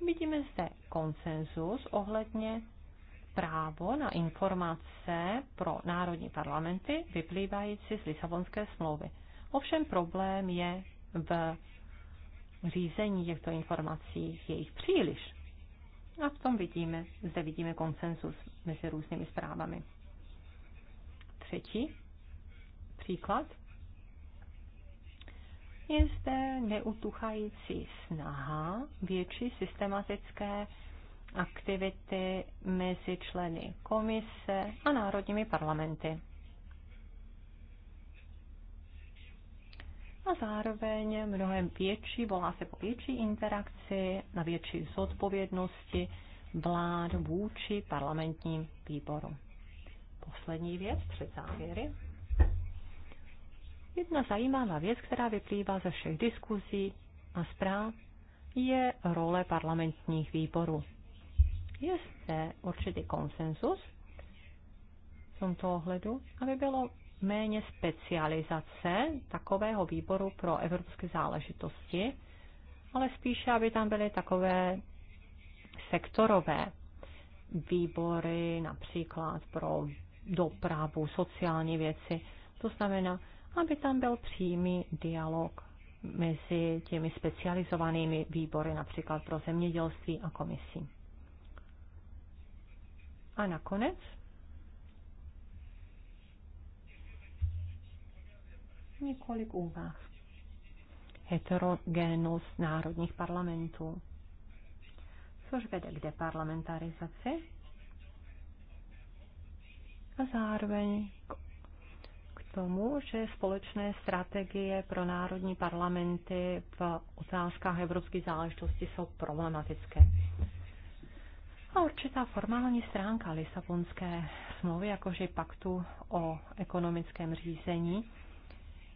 C: Vidíme zde konsenzus ohledně právo na informace pro národní parlamenty vyplývající z Lisabonské smlouvy. Ovšem problém je v řízení těchto informací, jejich příliš. A v tom vidíme, zde vidíme konsenzus mezi různými zprávami. Třetí příklad je vlastně zde neutuchající snaha větší systematické aktivity mezi členy komise a národními parlamenty. A zároveň mnohem větší, volá se po větší interakci, na větší zodpovědnosti vlád vůči parlamentním výboru. Poslední věc před závěry. Jedna zajímavá věc, která vyplývá ze všech diskuzí a zpráv, je role parlamentních výborů. Je zde určitý konsenzus v tomto ohledu, aby bylo méně specializace takového výboru pro evropské záležitosti, ale spíše, aby tam byly takové sektorové výbory, například pro dopravu, sociální věci. To znamená, aby tam byl přímý dialog mezi těmi specializovanými výbory, například pro zemědělství a komisí. A nakonec několik úvah. Heterogénnost národních parlamentů, což vede k deparlamentarizaci a zároveň k tomu, že společné strategie pro národní parlamenty v otázkách evropských záležitostí jsou problematické. A určitá formální stránka Lisabonské smlouvy, jakože paktu o ekonomickém řízení,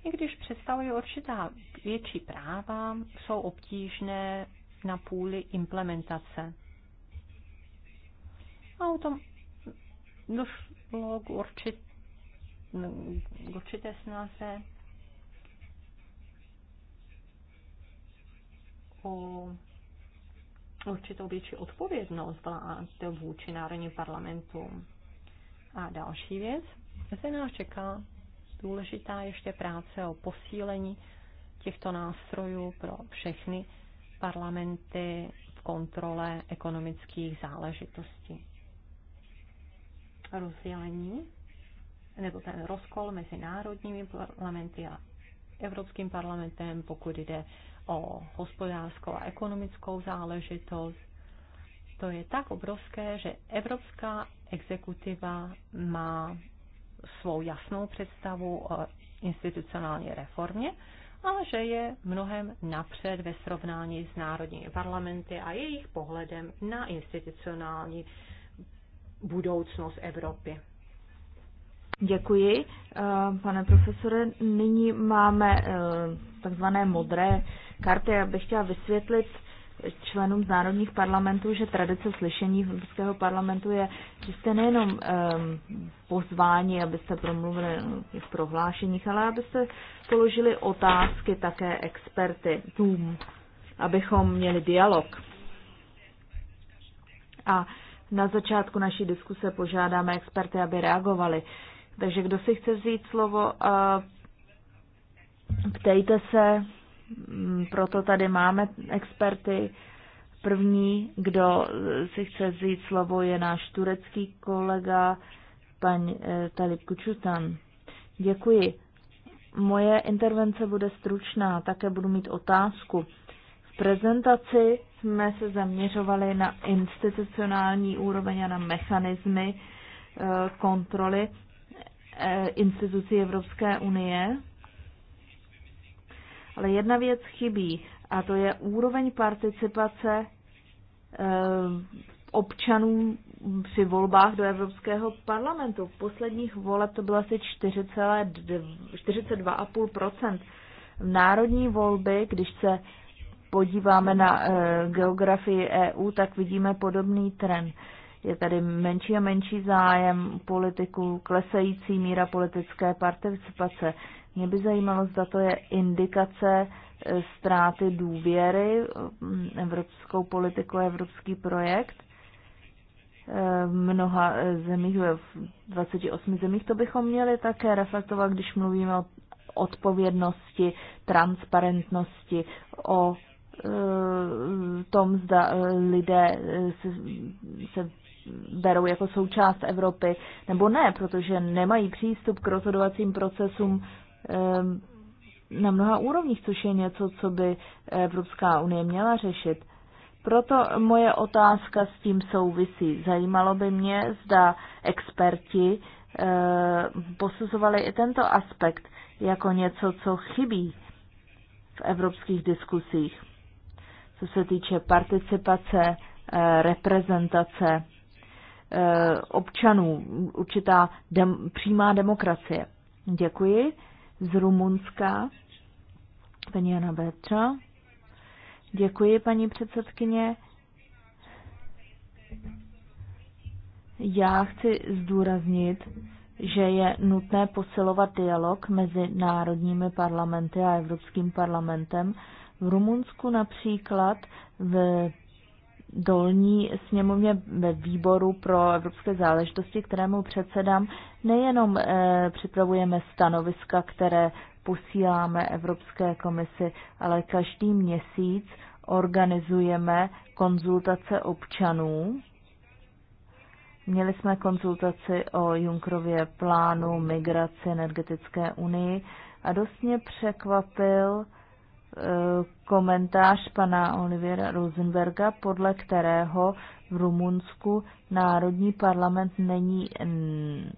C: i když představují určitá větší práva, jsou obtížné na půli implementace. A o tom došlo k určitě k mm, určité snaze o určitou větší odpovědnost vlád vůči národním parlamentům. A další věc, se nás čeká důležitá ještě práce o posílení těchto nástrojů pro všechny parlamenty v kontrole ekonomických záležitostí. Rozdělení nebo ten rozkol mezi národními parlamenty a Evropským parlamentem, pokud jde o hospodářskou a ekonomickou záležitost. To je tak obrovské, že evropská exekutiva má svou jasnou představu o institucionální reformě a že je mnohem napřed ve srovnání s národními parlamenty a jejich pohledem na institucionální budoucnost Evropy.
A: Děkuji, eh, pane profesore. Nyní máme eh, takzvané modré karty. Já bych chtěla vysvětlit členům z národních parlamentů, že tradice slyšení v Evropského parlamentu je, že jste nejenom eh, pozváni, abyste promluvili v prohlášeních, ale abyste položili otázky také tům, abychom měli dialog. A na začátku naší diskuse požádáme experty, aby reagovali. Uh, takže kdo si chce vzít slovo, a ptejte se, mm, proto tady máme experty. První, kdo si chce vzít slovo, je náš turecký kolega, pan eh, Talib Kučutan. Děkuji. Moje intervence bude stručná, také budu mít otázku. V prezentaci jsme se zaměřovali na institucionální úroveň a na mechanismy eh, kontroly Eh, institucí Evropské unie. Ale jedna věc chybí a to je úroveň participace eh, občanů při volbách do Evropského parlamentu. V posledních voleb to bylo asi 42,5 Národní volby, když se podíváme na eh, geografii EU, tak vidíme podobný trend. Je tady menší a menší zájem politiků, klesající míra politické participace. Mě by zajímalo, zda to je indikace eh, ztráty důvěry mm, evropskou politiku a evropský projekt eh, mnoha eh, zemích, v 28 zemích, to bychom měli také reflektovat, když mluvíme o odpovědnosti, transparentnosti, o tom, zda lidé se, se berou jako součást Evropy, nebo ne, protože nemají přístup k rozhodovacím procesům ehm, na mnoha úrovních, což je něco, co by Evropská unie měla řešit. Proto moje otázka s tím souvisí. Zajímalo by mě, zda experti ehm, posuzovali i tento aspekt jako něco, co chybí v evropských diskusích, co se týče participace, eh, reprezentace Eh, občanů, určitá dem, přímá demokracie. Děkuji. Z Rumunska, paní Jana Bertra. Děkuji, paní předsedkyně. Já chci zdůraznit, že je nutné posilovat dialog mezi národními parlamenty a Evropským parlamentem. V Rumunsku například v dolní sněmovně ve výboru pro evropské záležitosti, kterému předsedám, nejenom e, připravujeme stanoviska, které posíláme Evropské komisi, ale každý měsíc organizujeme konzultace občanů. Měli jsme konzultaci o Junkrově plánu migraci energetické unii a dost mě překvapil, Eh, komentář pana Olivera Rosenberga, podle kterého v Rumunsku Národní parlament není mm,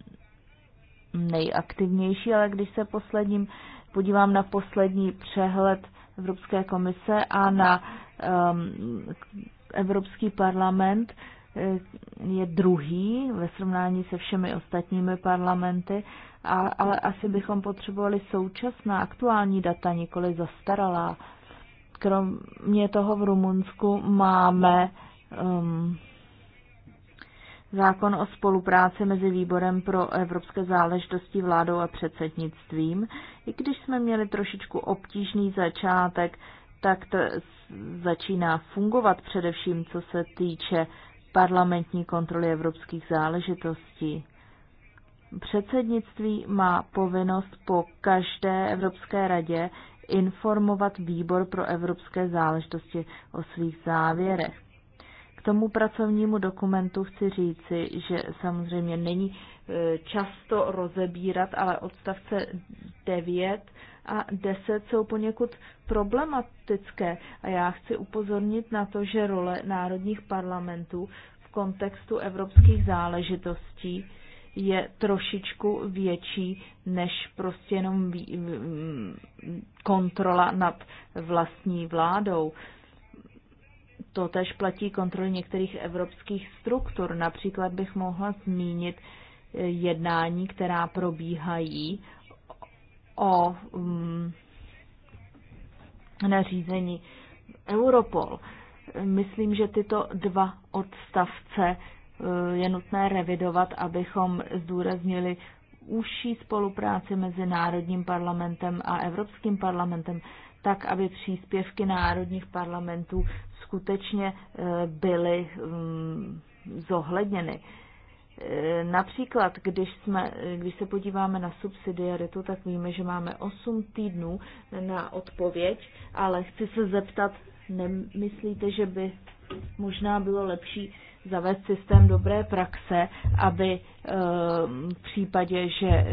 A: nejaktivnější, ale když se posledním podívám na poslední přehled Evropské komise a na um, Evropský parlament, je druhý ve srovnání se všemi ostatními parlamenty, ale, ale asi bychom potřebovali současná aktuální data, nikoli zastaralá. Kromě toho v Rumunsku máme um, zákon o spolupráci mezi výborem pro evropské záležitosti, vládou a předsednictvím. I když jsme měli trošičku obtížný začátek, tak to začíná fungovat především, co se týče parlamentní kontroly evropských záležitostí. Předsednictví má povinnost po každé Evropské radě informovat výbor pro evropské záležitosti o svých závěrech tomu pracovnímu dokumentu chci říci, že samozřejmě není e, často rozebírat, ale odstavce 9 a 10 jsou poněkud problematické. A já chci upozornit na to, že role národních parlamentů v kontextu evropských záležitostí je trošičku větší než prostě jenom kontrola nad vlastní vládou. To tež platí kontroly některých evropských struktur. Například bych mohla zmínit eh, jednání, která probíhají o um, nařízení Europol. Myslím, že tyto dva odstavce eh, je nutné revidovat, abychom zdůraznili užší spolupráci mezi Národním parlamentem a Evropským parlamentem tak, aby příspěvky národních parlamentů skutečně e, byly mm, zohledněny. E, například, když, jsme, když se podíváme na subsidiaritu, tak víme, že máme 8 týdnů na odpověď, ale chci se zeptat, nemyslíte, že by možná bylo lepší zavést systém dobré praxe, aby e, v případě, že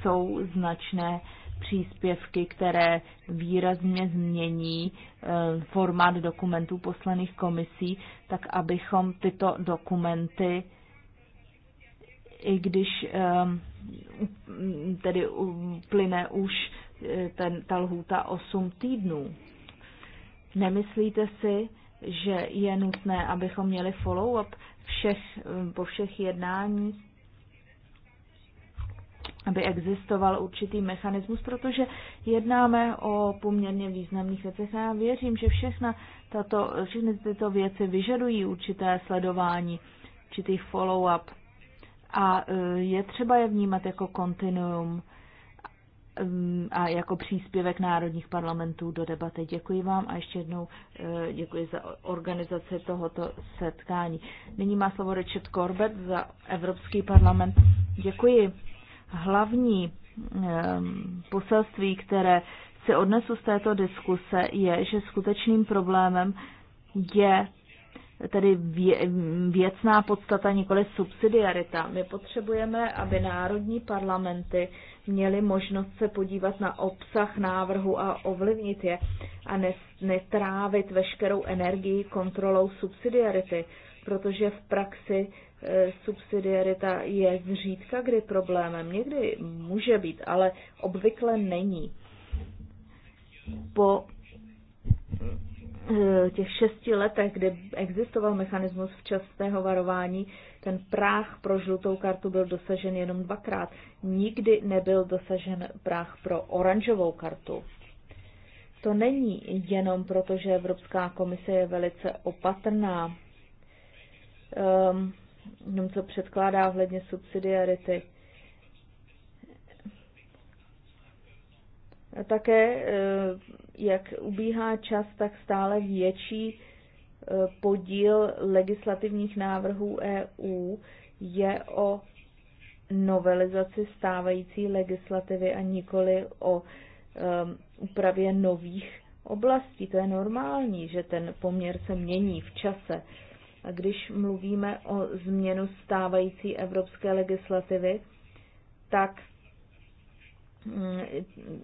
A: jsou značné příspěvky, které výrazně změní eh, formát dokumentů poslaných komisí, tak abychom tyto dokumenty, i když ehm, tedy plyne už eh, ten, ta lhůta 8 týdnů. Nemyslíte si, že je nutné, abychom měli follow-up všech, eh, po všech jednáních? aby existoval určitý mechanismus, protože jednáme o poměrně významných věcech a já věřím, že všechna tato, všechny tyto věci vyžadují určité sledování, určitý follow-up a e, je třeba je vnímat jako kontinuum e, a jako příspěvek národních parlamentů do debaty. Děkuji vám a ještě jednou e, děkuji za organizaci tohoto setkání. Nyní má slovo Richard Corbett za Evropský parlament. Děkuji. Hlavní ehm, poselství, které si odnesu z této diskuse, je, že skutečným problémem je tedy věcná podstata, nikoli subsidiarita. My potřebujeme, aby národní parlamenty měly možnost se podívat na obsah návrhu a ovlivnit je a netrávit veškerou energii kontrolou subsidiarity, protože v praxi Eh, subsidiarita je zřídka kdy problémem. Někdy může být, ale obvykle není. Po eh, těch šesti letech, kdy existoval mechanismus včasného varování, ten práh pro žlutou kartu byl dosažen jenom dvakrát. Nikdy nebyl dosažen práh pro oranžovou kartu. To není jenom proto, že Evropská komise je velice opatrná. Um, jenom co předkládá ohledně subsidiarity. A také, e, jak ubíhá čas, tak stále větší e, podíl legislativních návrhů EU je o novelizaci stávající legislativy a nikoli o e, úpravě nových oblastí. To je normální, že ten poměr se mění v čase. A když mluvíme o změnu stávající evropské legislativy, tak mm,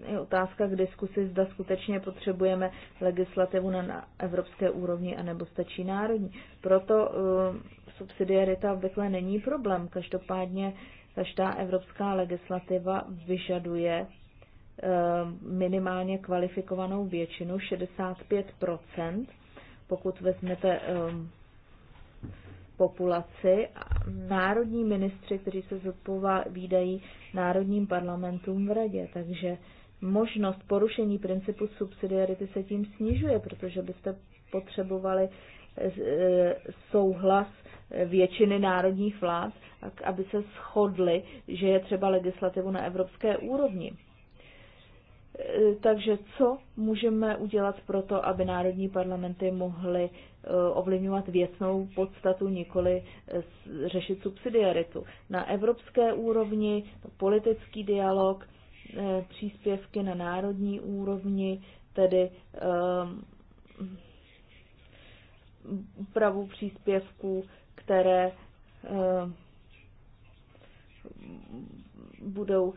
A: je otázka k diskusi, zda skutečně potřebujeme legislativu na evropské úrovni anebo stačí národní. Proto eh, subsidiarita obvykle není problém. Každopádně každá evropská legislativa vyžaduje eh, minimálně kvalifikovanou většinu, 65 pokud vezmete Uh, populaci. Národní ministři, kteří se zodpovídají národním parlamentům v radě, takže možnost porušení principu subsidiarity se tím snižuje, protože byste potřebovali eh, souhlas většiny národních vlád, aby se shodly, že je třeba legislativu na evropské úrovni. Eh, takže co můžeme udělat pro to, aby národní parlamenty mohly eh, ovlivňovat věcnou podstatu, nikoli eh, řešit subsidiaritu? Na evropské úrovni politický dialog, příspěvky na národní úrovni, tedy úpravu příspěvků, které budou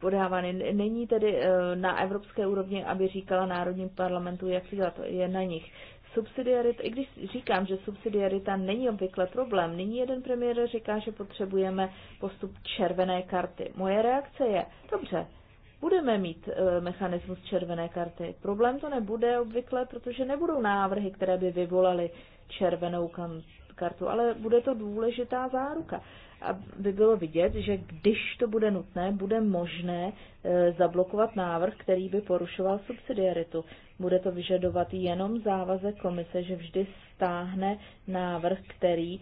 A: podávány. Není tedy e, na evropské úrovni, aby říkala národním parlamentu, jak si dělat, je na nich. Subsidiarita, i když říkám, že subsidiarita není obvykle problém, nyní jeden premiér říká, že potřebujeme postup červené karty. Moje reakce je, dobře, budeme mít e, mechanismus červené karty. Problém to nebude obvykle, protože nebudou návrhy, které by vyvolaly červenou kartu, ale bude to důležitá záruka. Aby bylo vidět, že když to bude nutné, bude možné e, zablokovat návrh, který by porušoval subsidiaritu. Bude to vyžadovat jenom závazek komise, že vždy stáhne návrh, který e,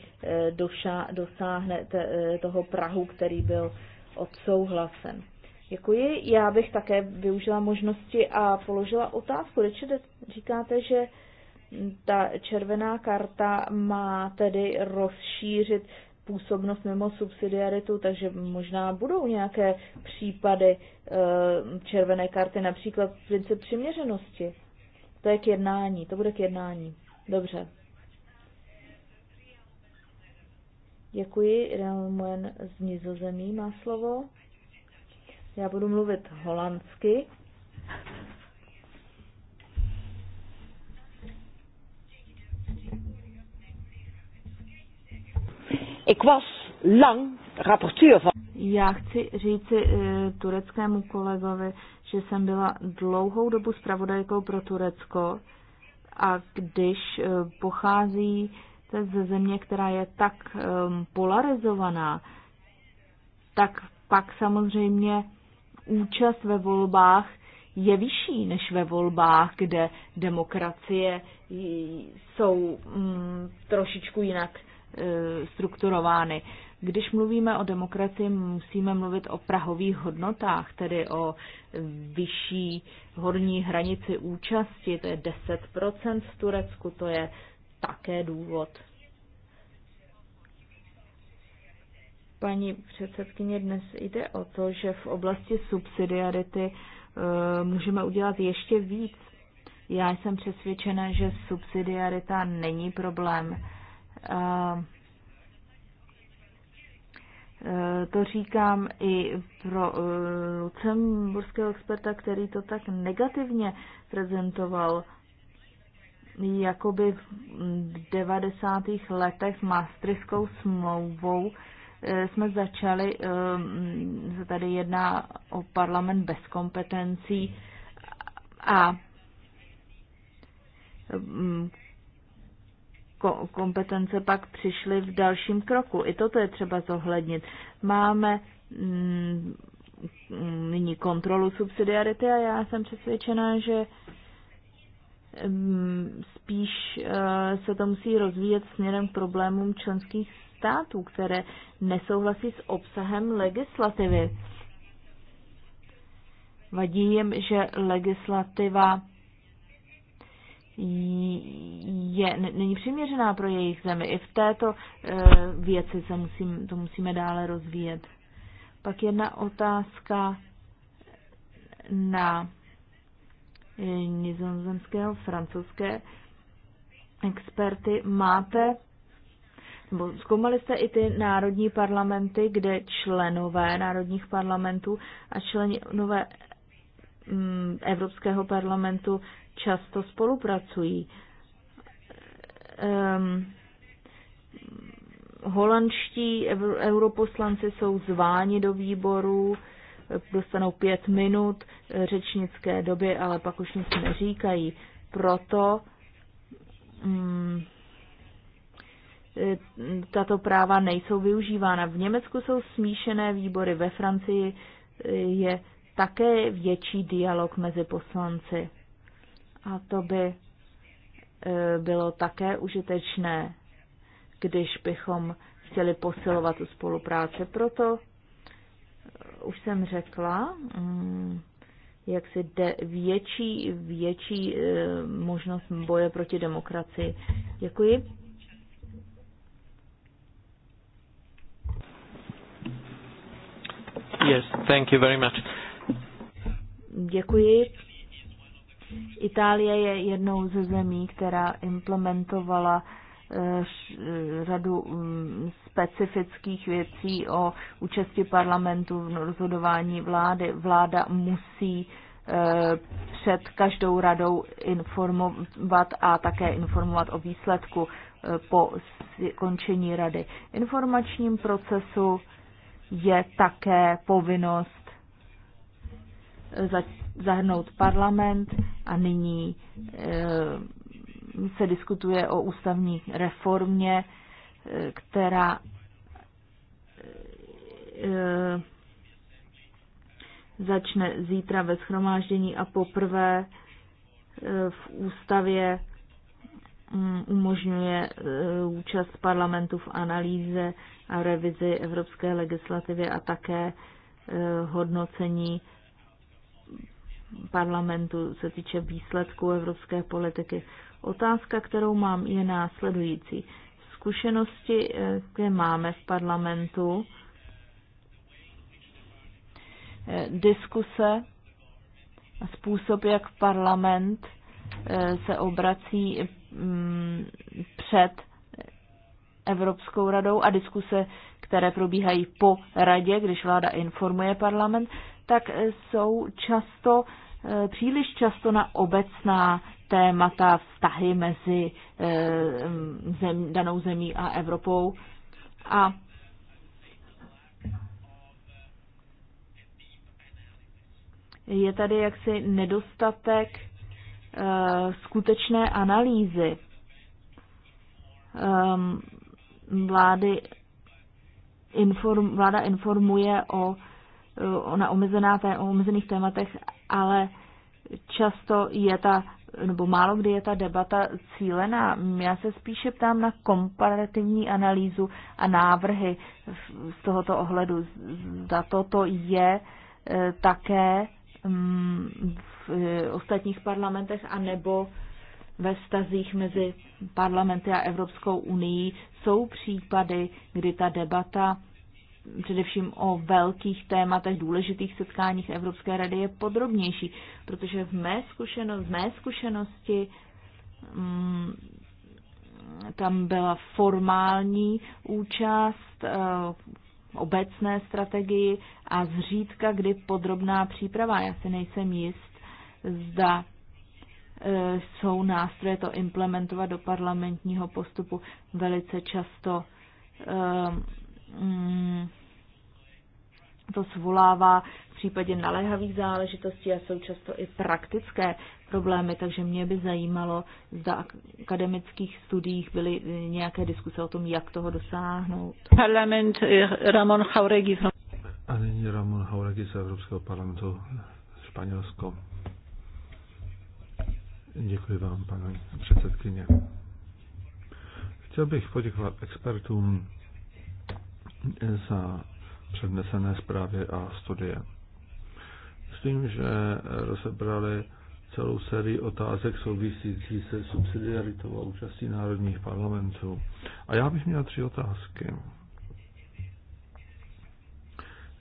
A: dosáhne e, toho Prahu, který byl odsouhlasen. Děkuji. Já bych také využila možnosti a položila otázku. říkáte, že ta červená karta má tedy rozšířit působnost mimo subsidiaritu, takže možná budou nějaké případy eh, červené karty, například princip přiměřenosti. To je k jednání, to bude k jednání. Dobře. Děkuji. Realmuen z Nizozemí má slovo. Já budu mluvit holandsky. Ik was lang rapporteur van. Já chci říci e, tureckému kolegovi, že jsem byla dlouhou dobu zpravodajkou pro Turecko a když e, pochází ze země, která je tak e, polarizovaná, tak pak samozřejmě účast ve volbách je vyšší než ve volbách, kde demokracie jsou mm, trošičku jinak E, strukturovány. Když mluvíme o demokracii, musíme mluvit o prahových hodnotách, tedy o vyšší horní hranici účasti, to je 10% v Turecku, to je také důvod. Paní předsedkyně, dnes jde o to, že v oblasti subsidiarity e, můžeme udělat ještě víc. Já jsem přesvědčena, že subsidiarita není problém a e, to říkám i pro e, lucemburského experta, který to tak negativně prezentoval, jakoby v 90. letech s Maastrichtskou smlouvou e, jsme začali, se tady jedná o parlament bez kompetencí a kompetence pak přišly v dalším kroku. I toto je třeba zohlednit. Máme mm, nyní kontrolu subsidiarity a já jsem přesvědčená, že mm, spíš eh, se to musí rozvíjet směrem k problémům členských států, které nesouhlasí s obsahem legislativy. Vadí jim, že legislativa je, není přiměřená pro jejich zemi. I v této eh, věci se musím, to musíme dále rozvíjet. Pak jedna otázka na eh, nizozemského, francouzské experty. Máte, nebo zkoumali jste i ty národní parlamenty, kde členové národních parlamentů a členové mm, Evropského parlamentu často spolupracují. Um, holandští europoslanci jsou zváni do výboru, dostanou pět minut eh, řečnické doby, ale pak už nic neříkají. Proto um, tato práva nejsou využívána. V Německu jsou smíšené výbory, ve Francii eh, je také větší dialog mezi poslanci. A to by e, bylo také užitečné, když bychom chtěli posilovat tu spolupráci. Proto e, už jsem řekla, mm, jak si de, větší, větší e, možnost boje proti demokracii. Děkuji.
C: Yes, thank you very much.
A: Děkuji. Itálie je jednou ze zemí, která implementovala eh, eh, řadu mm, specifických věcí o účasti parlamentu v rozhodování vlády. Vláda musí eh, před každou radou informovat a také informovat o výsledku po skončení rady. Informačním procesu je také povinnost zahrnout parlament a nyní eh, se diskutuje o ústavní reformě, eh, která eh, začne zítra ve schromáždění a poprvé v ústavě mm, umožňuje účast parlamentu v analýze a revizi evropské legislativy a také hodnocení parlamentu se týče výsledků evropské politiky. Otázka, kterou mám, je následující. Zkušenosti, eh, které máme v parlamentu, eh, diskuse a způsob, jak parlament eh, se obrací mm, před Evropskou radou a diskuse, které probíhají po radě, když vláda informuje parlament, tak eh, jsou často, eh, příliš často na obecná témata vztahy mezi eh, mm, zem, danou zemí a Evropou. A je tady jaksi nedostatek skutečné analýzy. vlády inform, vláda informuje o Eh, na omezená, omezených tématech, ale často je ta, nebo málo kdy je ta debata cílená. Já se spíše ptám na komparativní analýzu a návrhy z tohoto ohledu. Za toto je eh, také mm, v eh, ostatních parlamentech a nebo ve stazích mezi parlamenty a Evropskou unii jsou případy, kdy ta debata především o velkých tématech, důležitých setkáních Evropské rady je podrobnější, protože v mé, zkušenost, v mé zkušenosti mm, tam byla formální účast, eh, obecné strategii a zřídka kdy podrobná příprava. Já si nejsem jist, zda eh, jsou nástroje to implementovat do parlamentního postupu velice často eh, Mm, to svolává v případě naléhavých záležitostí a jsou často i praktické problémy, takže mě by zajímalo, zda akademických studiích byly eh, nějaké diskuse o tom, jak toho dosáhnout. Parlament eh, Ramon Jauregui.
B: A nyní Ramon Jauregui z Evropského parlamentu Španělsko. Děkuji vám, pane předsedkyně. Chtěl bych poděkovat expertům za přednesené zprávy a studie. Myslím, že rozebrali celou sérii otázek souvisící se subsidiaritou a účastí národních parlamentů. A já bych měl tři otázky.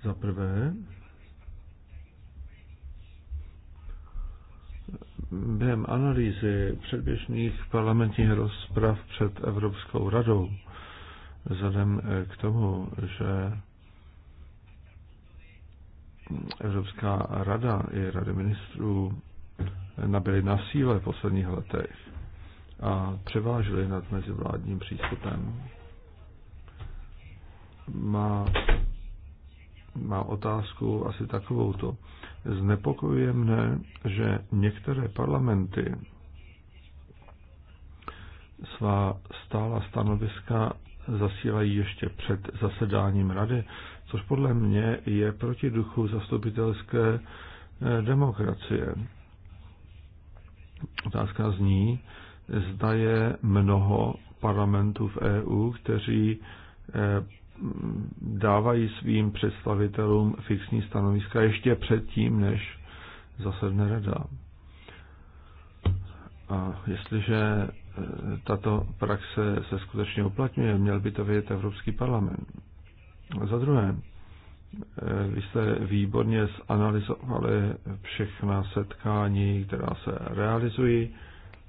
B: Za prvé, během analýzy předběžných parlamentních rozprav před Evropskou radou vzhledem eh, k tomu, že Evropská rada i rady ministrů nabyly na síle v posledních letech a převážily nad mezivládním přístupem. Má, má otázku asi takovou to. Znepokojuje mne, že některé parlamenty svá stála stanoviska zasílají ještě před zasedáním rady, což podle mě je proti duchu zastupitelské eh, demokracie. Otázka zní, zda je mnoho parlamentů v EU, kteří eh, dávají svým představitelům fixní stanoviska ještě předtím, než zasedne rada. A jestliže tato praxe se skutečně uplatňuje, měl by to vědět Evropský parlament. Za druhé, vy jste výborně zanalizovali všechna setkání, která se realizují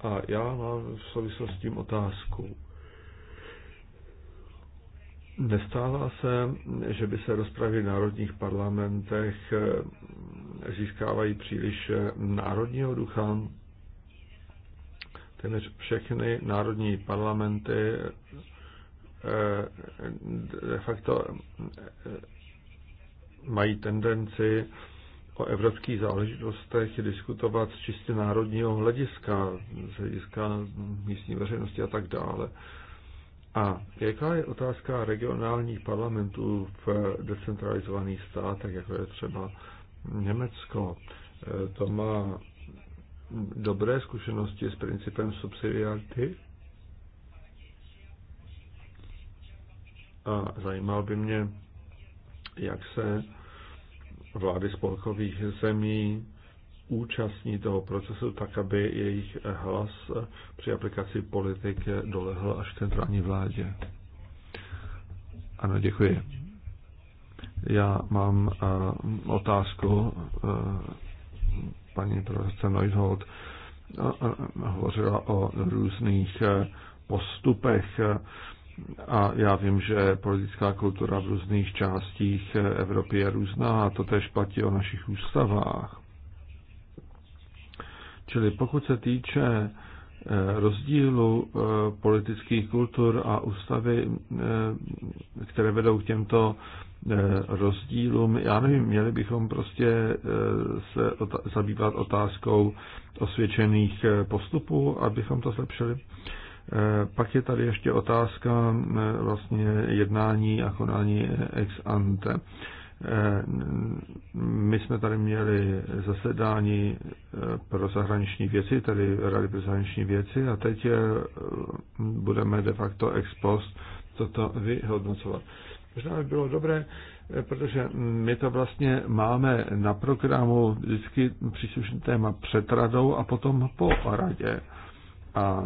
B: a já mám v souvislosti s tím otázku. Nestává se, že by se rozpravy v národních parlamentech získávají příliš národního ducha, Téměř všechny národní parlamenty eh, de facto eh, mají tendenci o evropských záležitostech diskutovat z čistě národního hlediska, z hlediska místní veřejnosti a tak dále. A jaká je otázka regionálních parlamentů v decentralizovaných státech, jako je třeba Německo? Eh, to má dobré zkušenosti s principem subsidiarity a zajímal by mě, jak se vlády spolkových zemí účastní toho procesu tak, aby jejich hlas při aplikaci politik dolehl až k centrální vládě. Ano, děkuji. Já mám eh, otázku eh, paní profesor Neuthold hovořila o různých eh, postupech eh, a já vím, že politická kultura v různých částích eh, Evropy je různá a to tež platí o našich ústavách. Čili pokud se týče Eh, rozdílu eh, politických kultur a ústavy, eh, které vedou k těmto rozdílům. Já nevím, měli bychom prostě se zabývat otázkou osvědčených postupů, abychom to zlepšili. Pak je tady ještě otázka vlastně jednání a konání ex ante. Eh, my jsme tady měli zasedání eh, pro zahraniční věci, tedy Rady pro zahraniční věci, a teď eh, budeme de facto ex post toto vyhodnocovat. Možná by bylo dobré, protože my to vlastně máme na programu vždycky příslušný téma před radou a potom po radě. A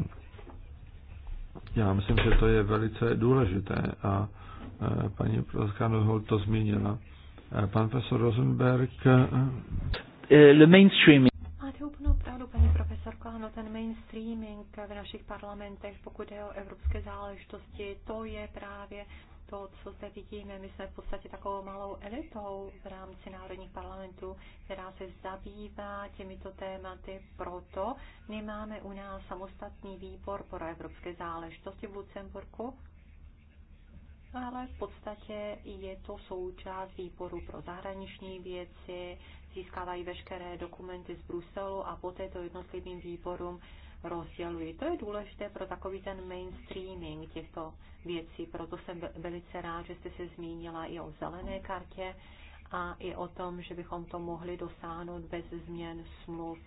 B: já myslím, že to je velice důležité a paní Proskánova to zmínila. Eh, pan profesor Rosenberg. Eh, eh, le mainstreaming.
C: Máte úplnou pravdu, paní profesorko, ano, ten mainstreaming v našich parlamentech, pokud je o evropské záležitosti, to je právě to, co zde vidíme. My jsme v podstatě takovou malou elitou v rámci národních parlamentů, která se zabývá těmito tématy. Proto nemáme u nás samostatný výbor pro evropské záležitosti v Lucemburku, ale v podstatě je to součást výboru pro zahraniční věci, získávají veškeré dokumenty z Bruselu a poté to jednotlivým výborům rozdělují. To je důležité pro takový ten mainstreaming těchto věcí, proto jsem velice rád, že jste se zmínila i o zelené kartě a i o tom, že bychom to mohli dosáhnout bez změn smluv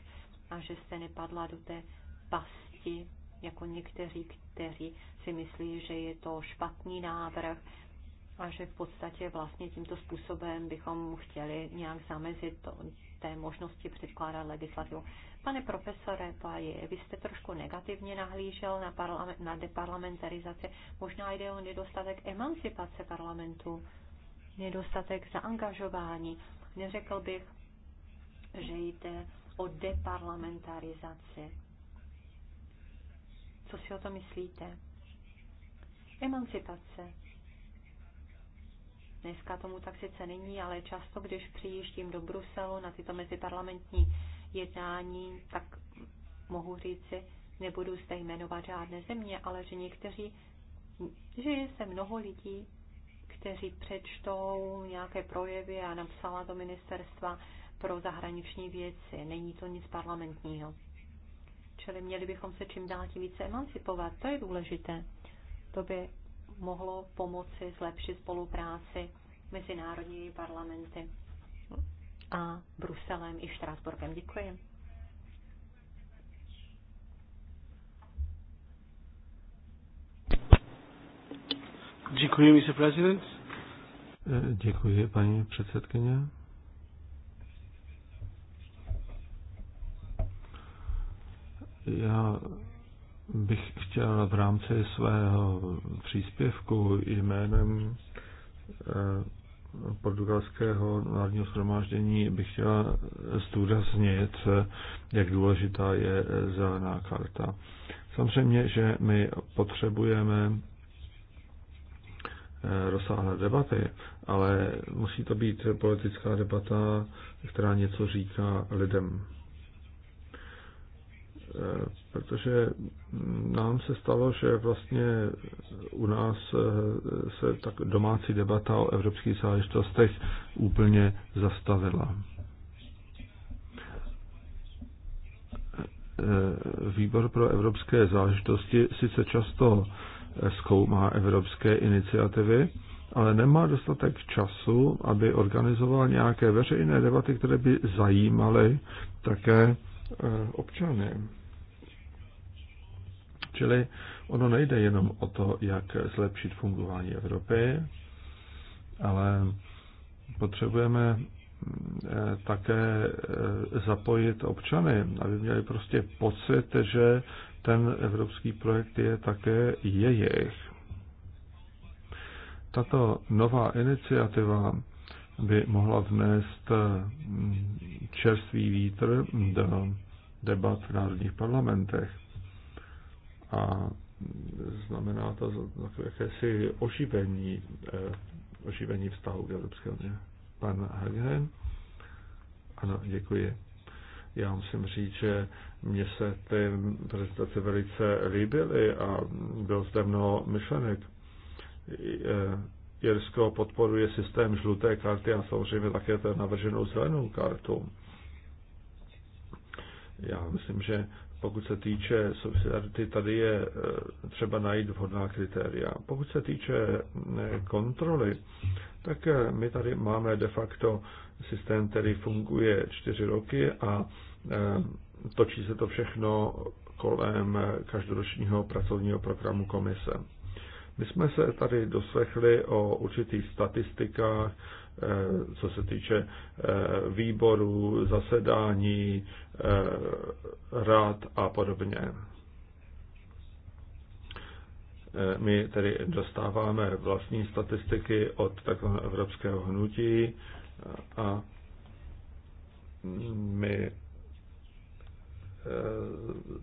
C: a že jste nepadla do té pasti jako někteří, kteří si myslí, že je to špatný návrh a že v podstatě vlastně tímto způsobem bychom chtěli nějak zamezit to, té možnosti předkládat legislativu. Pane profesore Paji, vy jste trošku negativně nahlížel na, parlament, na deparlamentarizaci. Možná jde o nedostatek emancipace parlamentu, nedostatek zaangažování. Neřekl bych, že jde o deparlamentarizaci. Co si o to myslíte? Emancipace. Dneska tomu tak sice není, ale často, když přijíždím do Bruselu na tyto meziparlamentní jednání, tak mohu říci, nebudu zde jmenovat žádné země, ale že někteří, že je se mnoho lidí, kteří přečtou nějaké projevy a napsala do ministerstva pro zahraniční věci. Není to nic parlamentního. Čili měli bychom se čím dál tím více emancipovat. To je důležité. To by mohlo pomoci zlepšit spolupráci mezi národními parlamenty a Bruselem i Štrásburgem. Děkuji.
B: Děkuji, Mr. President. Eh, děkuji, paní předsedkyně. Já bych chtěl v rámci svého příspěvku jménem eh, portugalského národního shromáždění bych chtěl zdůraznit, jak důležitá je zelená karta. Samozřejmě, že my potřebujeme eh, rozsáhlé debaty, ale musí to být politická debata, která něco říká lidem. Eh, protože nám se stalo, že vlastně u nás eh, se tak domácí debata o evropských záležitostech úplně zastavila. Eh, výbor pro evropské záležitosti sice často zkoumá evropské iniciativy, ale nemá dostatek času, aby organizoval nějaké veřejné debaty, které by zajímaly také občany. Čili ono nejde jenom o to, jak zlepšit fungování Evropy, ale potřebujeme eh, také eh, zapojit občany, aby měli prostě pocit, že ten evropský projekt je také jejich. Tato nová iniciativa by mohla vnést mm, čerstvý vítr do debat v národních parlamentech a znamená to takové jakési oživení, eh, oživení vztahu k Evropské unii. Pan Hagen? Ano, děkuji. Já musím říct, že mně se ty prezentace velice líbily a bylo zde mnoho myšlenek. Jirsko eh, podporuje systém žluté karty a samozřejmě také ten navrženou zelenou kartu. Já myslím, že pokud se týče subsidiarity, tady je eh, třeba najít vhodná kritéria. Pokud se týče eh, kontroly, tak eh, my tady máme de facto systém, který funguje čtyři roky a točí se to všechno kolem každoročního pracovního programu komise. My jsme se tady doslechli o určitých statistikách, Eh, co se týče eh, výborů, zasedání, eh, rád a podobně. My tedy dostáváme vlastní statistiky od takového evropského hnutí a my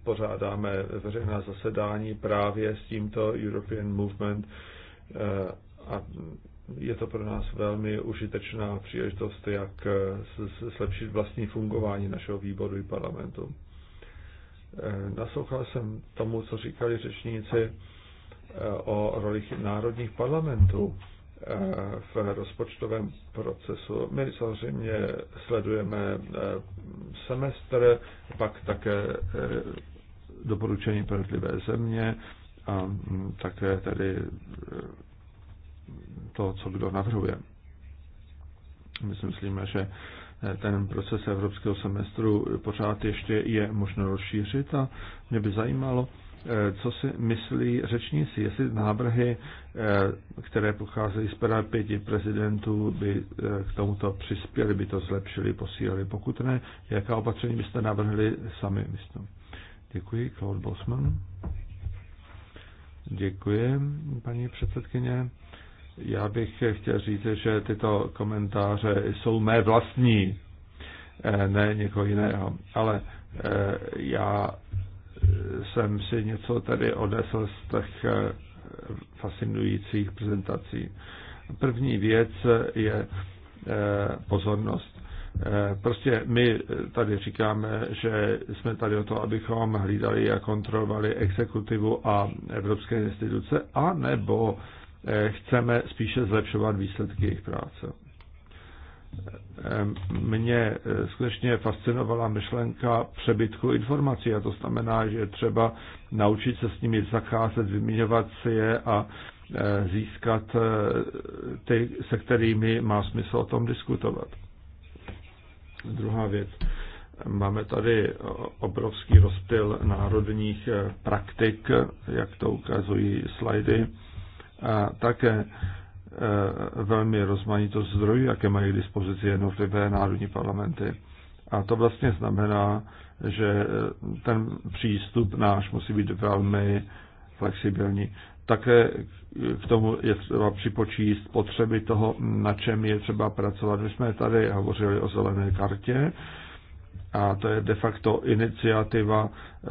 B: pořádáme veřejná zasedání právě s tímto European Movement a je to pro nás velmi užitečná příležitost, jak eh, zlepšit vlastní fungování našeho výboru i parlamentu. Eh, naslouchal jsem tomu, co říkali řečníci eh, o roli národních parlamentů v rozpočtovém procesu. My samozřejmě sledujeme semestr, pak také doporučení pro země a mm, také tedy to, co kdo navrhuje. My si myslíme, že eh, ten proces evropského semestru pořád ještě je možno rozšířit a mě by zajímalo, eh, co si myslí řečníci, jestli návrhy, eh, které pocházejí z pera pěti prezidentů, by k tomuto přispěli, by to zlepšili, posílili. Pokud ne, jaká opatření byste navrhli sami, myslím. Děkuji, Claude Bosman. Děkuji, paní předsedkyně. Já bych chtěl říct, že tyto komentáře jsou mé vlastní, eh, ne někoho jiného. Ale eh, já eh, jsem si něco tady odnesl z těch fascinujících prezentací. První věc je pozornost. Prostě my tady říkáme, že jsme tady o to, abychom hlídali a kontrolovali exekutivu a evropské instituce, a nebo Eh, chceme spíše zlepšovat výsledky jejich práce. Eh, Mě eh, skutečně fascinovala myšlenka přebytku informací a to znamená, že třeba naučit se s nimi zacházet, vyměňovat si je a získat ty, se kterými má smysl o tom diskutovat. Druhá věc. Máme tady obrovský rozptyl národních praktik, jak to ukazují slajdy a také e, velmi rozmanitost zdrojů, jaké mají k dispozici jednotlivé národní parlamenty. A to vlastně znamená, že e, ten přístup náš musí být velmi flexibilní. Také k tomu je třeba připočíst potřeby toho, na čem je třeba pracovat. My jsme tady hovořili o zelené kartě, a to je de facto iniciativa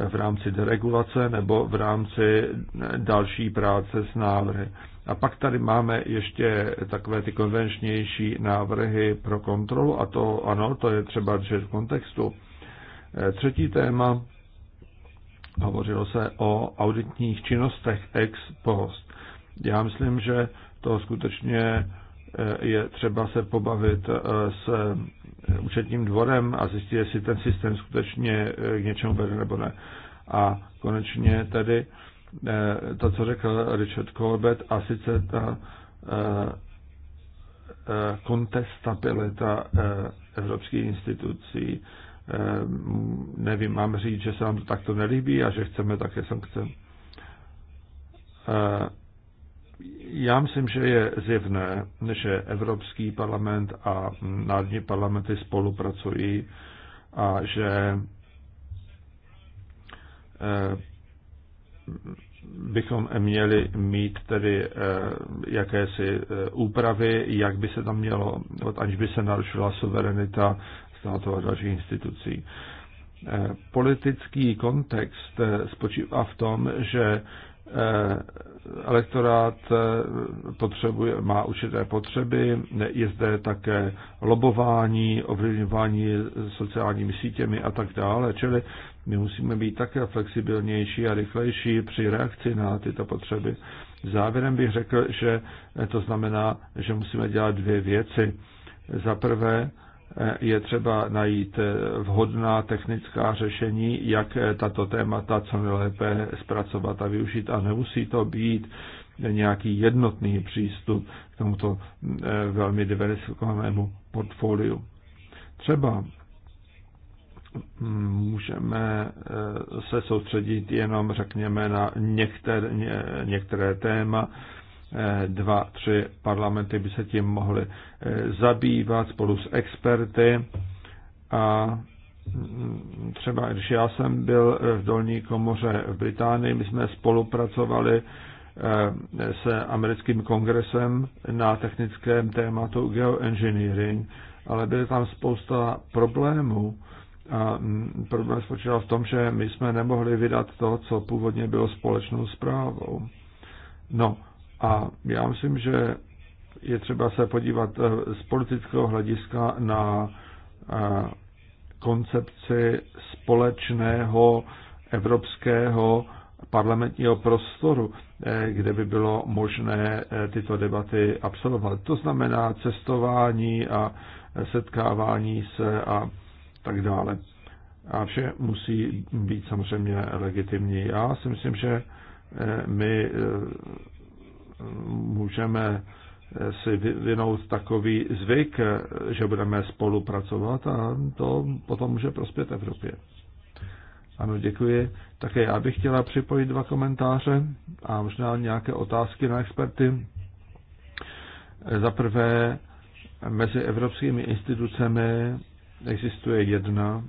B: v rámci deregulace nebo v rámci další práce s návrhy. A pak tady máme ještě takové ty konvenčnější návrhy pro kontrolu a to ano, to je třeba držet v kontextu. Třetí téma, hovořilo se o auditních činnostech ex post. Já myslím, že to skutečně je třeba se pobavit eh, s eh, účetním dvorem a zjistit, jestli ten systém skutečně eh, k něčemu vede nebo ne. A konečně tedy to, co řekl Richard Colbert, a sice ta kontestabilita evropských institucí. Nevím, mám říct, že se nám to takto nelíbí a že chceme také sankce. Já myslím, že je zjevné, že Evropský parlament a národní parlamenty spolupracují a že eh, bychom měli mít tedy eh, jakési eh, úpravy, jak by se tam mělo, aniž by se narušila suverenita státu a dalších institucí. Politický kontext spočívá v tom, že Eh, elektorát eh, potřebuje, má určité potřeby, je zde také lobování, ovlivňování sociálními sítěmi a tak dále, čili my musíme být také flexibilnější a rychlejší při reakci na tyto potřeby. Závěrem bych řekl, že eh, to znamená, že musíme dělat dvě věci. Za prvé, je třeba najít vhodná technická řešení, jak tato témata co nejlépe zpracovat a využít. A nemusí to být nějaký jednotný přístup k tomuto eh, velmi diversifikovanému portfoliu. Třeba mm, můžeme eh, se soustředit jenom, řekněme, na některé, některé téma, Eh, dva, tři parlamenty by se tím mohly eh, zabývat spolu s experty a mm, třeba když já jsem byl eh, v dolní komoře v Británii, my jsme spolupracovali se americkým kongresem na technickém tématu geoengineering, ale byly tam spousta problémů. A mm, problém spočíval v tom, že my jsme nemohli vydat to, co původně bylo společnou zprávou. No, a já myslím, že je třeba se podívat eh, z politického hlediska na eh, koncepci společného evropského parlamentního prostoru, eh, kde by bylo možné tyto debaty absolvovat. To znamená cestování a setkávání se a tak dále. A vše musí být samozřejmě legitimní. Já si myslím, že my můžeme si vyvinout takový zvyk, že budeme spolupracovat a to potom může prospět Evropě. Ano, děkuji. Také já bych chtěla připojit dva komentáře a možná nějaké otázky na experty. Za prvé, mezi evropskými institucemi existuje jedna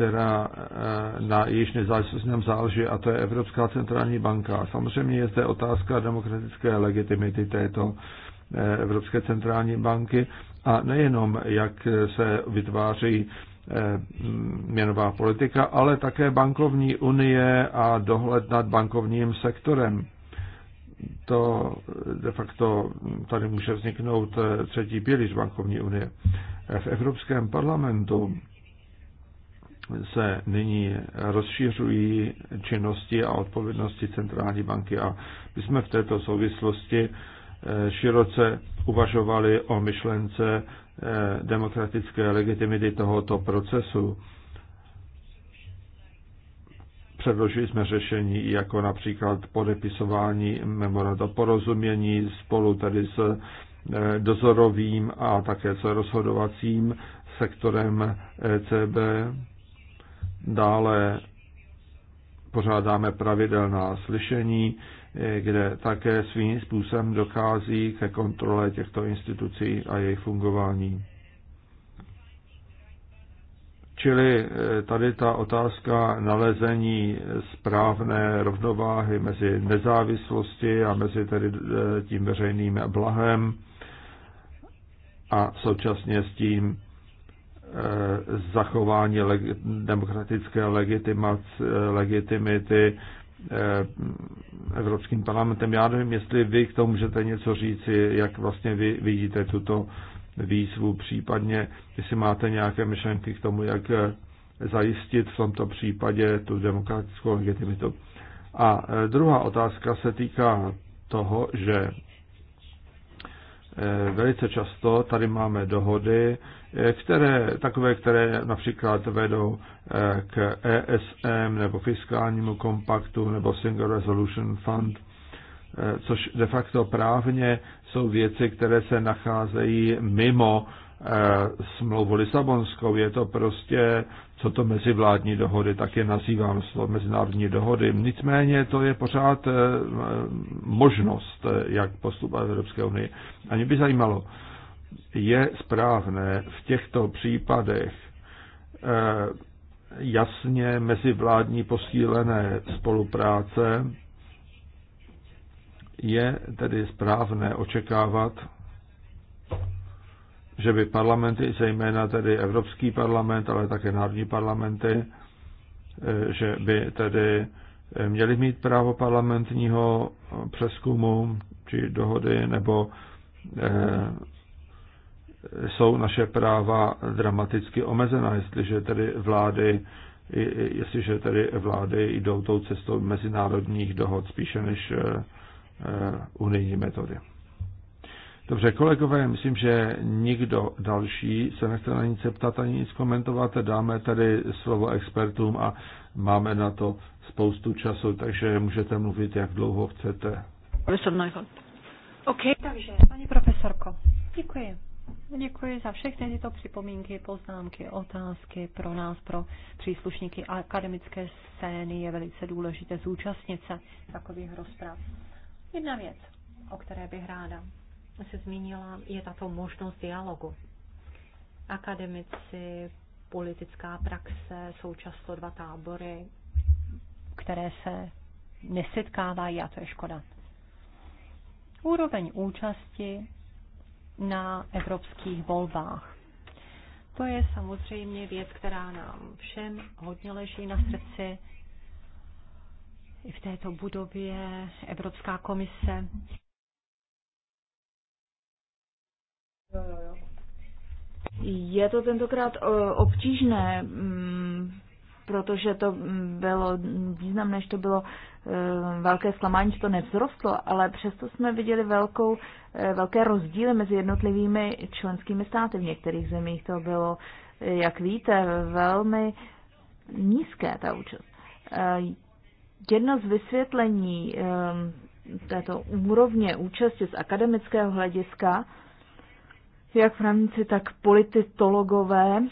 B: která, eh, na jejíž nezávislost nám záleží, a to je Evropská centrální banka. Samozřejmě je zde otázka demokratické legitimity této eh, Evropské centrální banky a nejenom, jak se vytváří eh, měnová politika, ale také bankovní unie a dohled nad bankovním sektorem. To de facto tady může vzniknout třetí pilíř bankovní unie. V Evropském parlamentu se nyní rozšířují činnosti a odpovědnosti centrální banky a my jsme v této souvislosti eh, široce uvažovali o myšlence eh, demokratické legitimity tohoto procesu. Předložili jsme řešení jako například podepisování memoranda porozumění spolu tedy s eh, dozorovým a také s rozhodovacím sektorem ECB Dále pořádáme pravidelná slyšení, kde také svým způsobem dochází ke kontrole těchto institucí a jejich fungování. Čili eh, tady ta otázka nalezení správné rovnováhy mezi nezávislosti a mezi tedy eh, tím veřejným blahem a současně s tím Eh, zachování leg- demokratické legitimac- eh, legitimity eh, Evropským parlamentem. Já nevím, jestli vy k tomu můžete něco říci, jak vlastně vy vidíte tuto výzvu, případně jestli máte nějaké myšlenky k tomu, jak zajistit v tomto případě tu demokratickou legitimitu. A druhá otázka se týká toho, že Eh, velice často tady máme dohody, eh, které, takové, které například vedou eh, k ESM nebo fiskálnímu kompaktu nebo Single Resolution Fund, což de facto právně jsou věci, které se nacházejí mimo Eh, smlouvu Lisabonskou, je to prostě, co to mezivládní dohody, tak je nazývám slovo mezinárodní dohody. Nicméně to je pořád eh, možnost, eh, jak postupovat v Evropské unii. A mě by zajímalo, je správné v těchto případech jasně mezivládní posílené spolupráce, je tedy správné očekávat, že by parlamenty, zejména tedy Evropský parlament, ale také národní parlamenty, eh, že by tedy eh, měli mít právo parlamentního přeskumu či dohody, nebo eh, jsou naše práva dramaticky omezena, jestliže tedy vlády jestliže tedy vlády jdou tou cestou mezinárodních dohod spíše než unijní metody. Dobře, kolegové, myslím, že nikdo další se nechce na nic zeptat ani nic komentovat. Dáme tady slovo expertům a máme na to spoustu času, takže můžete mluvit, jak dlouho chcete.
C: Profesor OK. Takže, paní profesorko, děkuji. Děkuji za všechny tyto připomínky, poznámky, otázky pro nás, pro příslušníky akademické scény. Je velice důležité zúčastnit se takových rozprav. Jedna věc, o které bych ráda se zmínila, je tato možnost dialogu. Akademici, politická praxe, jsou často dva tábory, které se nesetkávají a to je škoda. Úroveň účasti na evropských volbách. To je samozřejmě věc, která nám všem hodně leží na srdci. I v této budově Evropská komise
A: Jo, jo, jo. Je to tentokrát obtížné, mm, protože to mm, bylo významné, že to bylo e, velké zklamání, že to nevzrostlo, ale přesto jsme viděli velkou, e, velké rozdíly mezi jednotlivými členskými státy. V některých zemích to bylo, e, jak víte, velmi nízké ta účast. Jedno z vysvětlení této úrovně účasti z akademického hlediska jak Franci, tak politologové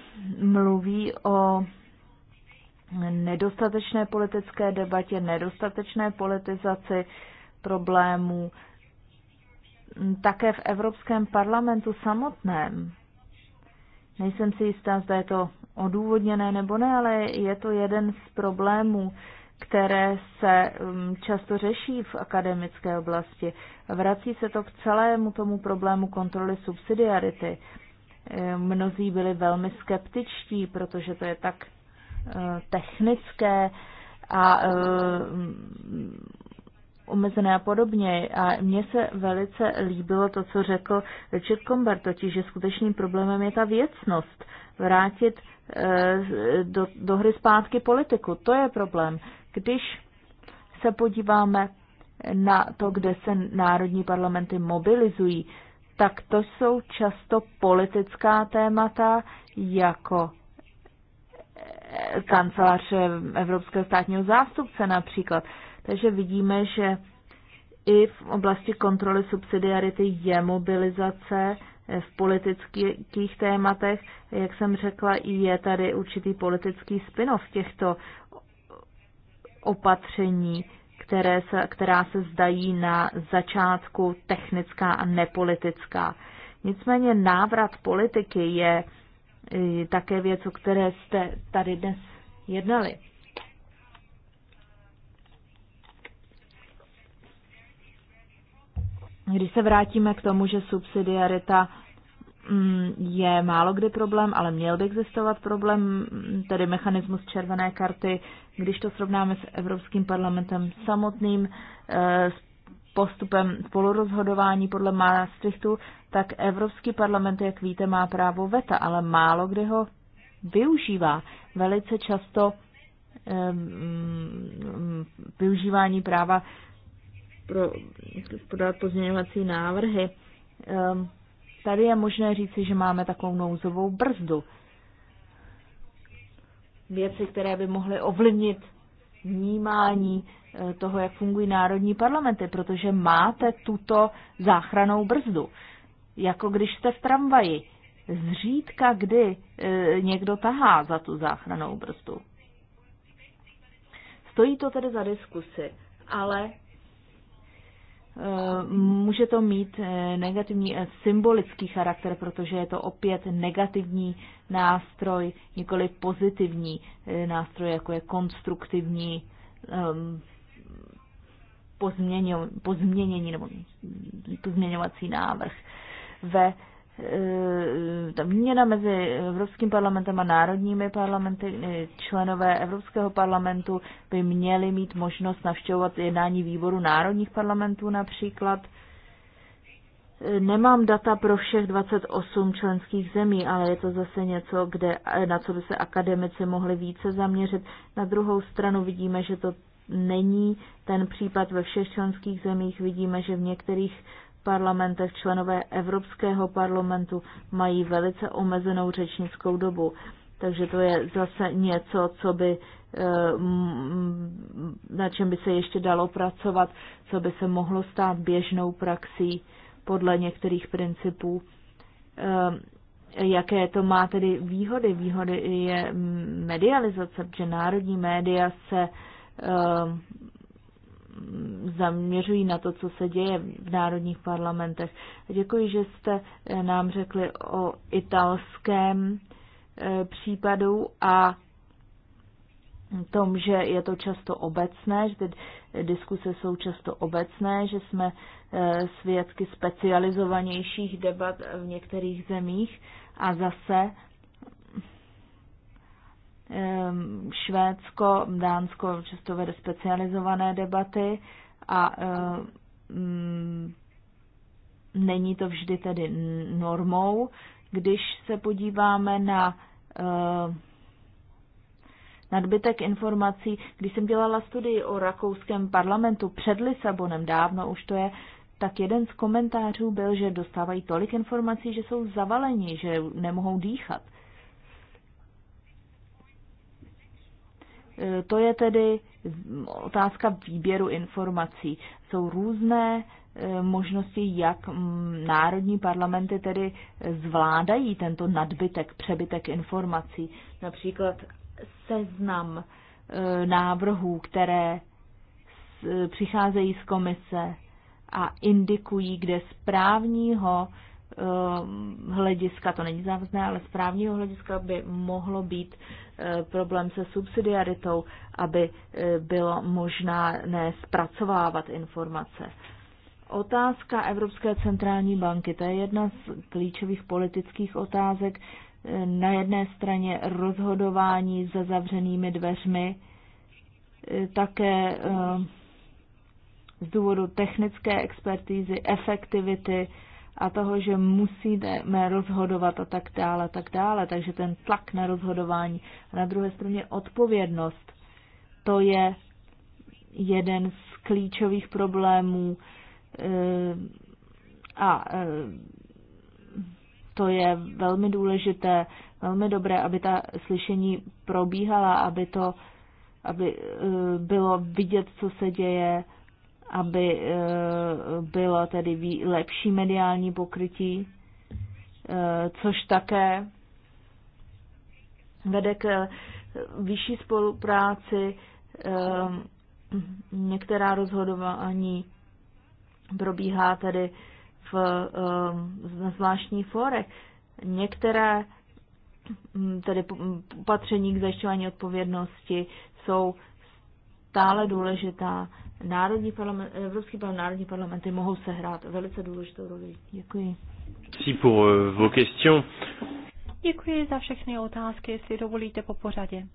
A: mluví o nedostatečné politické debatě, nedostatečné politizaci problémů, také v Evropském parlamentu samotném. Nejsem si jistá, zda je to odůvodněné nebo ne, ale je to jeden z problémů které se um, často řeší v akademické oblasti. Vrací se to k celému tomu problému kontroly subsidiarity. Um, mnozí byli velmi skeptičtí, protože to je tak uh, technické a uh, omezené a podobně. A mně se velice líbilo to, co řekl Richard Comber, totiž, že skutečným problémem je ta věcnost. Vrátit eh, do, do hry zpátky politiku, to je problém. Když se podíváme na to, kde se národní parlamenty mobilizují, tak to jsou často politická témata jako eh, kancelář Evropského státního zástupce například. Takže vidíme, že i v oblasti kontroly subsidiarity je mobilizace eh, v politických tématech. Jak jsem řekla, je tady určitý politický spin off těchto opatření, které se, která se zdají na začátku technická a nepolitická. Nicméně návrat politiky je také věc, o které jste tady dnes jednali. Když se vrátíme k tomu, že subsidiarita Mm, je málo kdy problém, ale měl by existovat problém, mm, tedy mechanismus červené karty, když to srovnáme s Evropským parlamentem samotným, eh, s postupem spolurozhodování podle Maastrichtu, tak Evropský parlament, jak víte, má právo veta, ale málo kdy ho využívá. Velice často ehm, mm, využívání práva pro podat pozměňovací návrhy ehm, Tady je možné říci, že máme takovou nouzovou brzdu. Věci, které by mohly ovlivnit vnímání eh, toho, jak fungují národní parlamenty, protože máte tuto záchranou brzdu. Jako když jste v tramvaji, zřídka kdy eh, někdo tahá za tu záchranou brzdu. Stojí to tedy za diskusi, ale může to mít eh, negativní eh, symbolický charakter, protože je to opět negativní nástroj, nikoli pozitivní eh, nástroj, jako je konstruktivní ehm, pozměnění nebo pozměňovací návrh. Ve Eh, ta výměna mezi Evropským parlamentem a národními parlamenty, eh, členové Evropského parlamentu by měli mít možnost navštěvovat jednání výboru národních parlamentů například. Eh, nemám data pro všech 28 členských zemí, ale je to zase něco, kde, na co by se akademici mohli více zaměřit. Na druhou stranu vidíme, že to není ten případ ve všech členských zemích. Vidíme, že v některých parlamentech členové Evropského parlamentu mají velice omezenou řečnickou dobu. Takže to je zase něco, co by, eh, na čem by se ještě dalo pracovat, co by se mohlo stát běžnou praxí podle některých principů. Eh, jaké to má tedy výhody? Výhody je mm, medializace, protože národní média se eh, zaměřují na to, co se děje v národních parlamentech. Děkuji, že jste eh, nám řekli o italském eh, případu a tom, že je to často obecné, že ty diskuse jsou často obecné, že jsme eh, svědky specializovanějších debat v některých zemích a zase Ehm, Švédsko, Dánsko často vede specializované debaty a ehm, není to vždy tedy normou. Když se podíváme na ehm, nadbytek informací, když jsem dělala studii o rakouském parlamentu před Lisabonem, dávno už to je, tak jeden z komentářů byl, že dostávají tolik informací, že jsou zavaleni, že nemohou dýchat. To je tedy otázka výběru informací. Jsou různé eh, možnosti, jak mm, národní parlamenty tedy zvládají tento nadbytek, přebytek informací. Například seznam eh, návrhů, které eh, přicházejí z komise a indikují, kde z právního hlediska, to není závazné, ale z právního hlediska by mohlo být Eh, problém se subsidiaritou, aby eh, bylo možná nespracovávat informace. Otázka Evropské centrální banky, to je jedna z klíčových politických otázek. Eh, na jedné straně rozhodování za zavřenými dveřmi, také z důvodu technické expertízy, efektivity a toho, že musíme rozhodovat a tak dále, a tak dále. Takže ten tlak na rozhodování. A na druhé straně odpovědnost. To je jeden z klíčových problémů eh, a eh, to je velmi důležité, velmi dobré, aby ta slyšení probíhala, aby to aby eh, bylo vidět, co se děje, aby eh, bylo tedy lepší mediální pokrytí, eh, což také vede k eh, vyšší spolupráci. Některá rozhodování probíhá tedy v, na zvláštní fórech. Některé hm, tedy opatření k zajišťování odpovědnosti jsou stále důležitá Národní parlament, Evropský parlament, národní parlamenty mohou sehrát velice důležitou roli. Děkuji.
C: pour euh, vos questions. Děkuji za všechny otázky, jestli dovolíte po pořadě.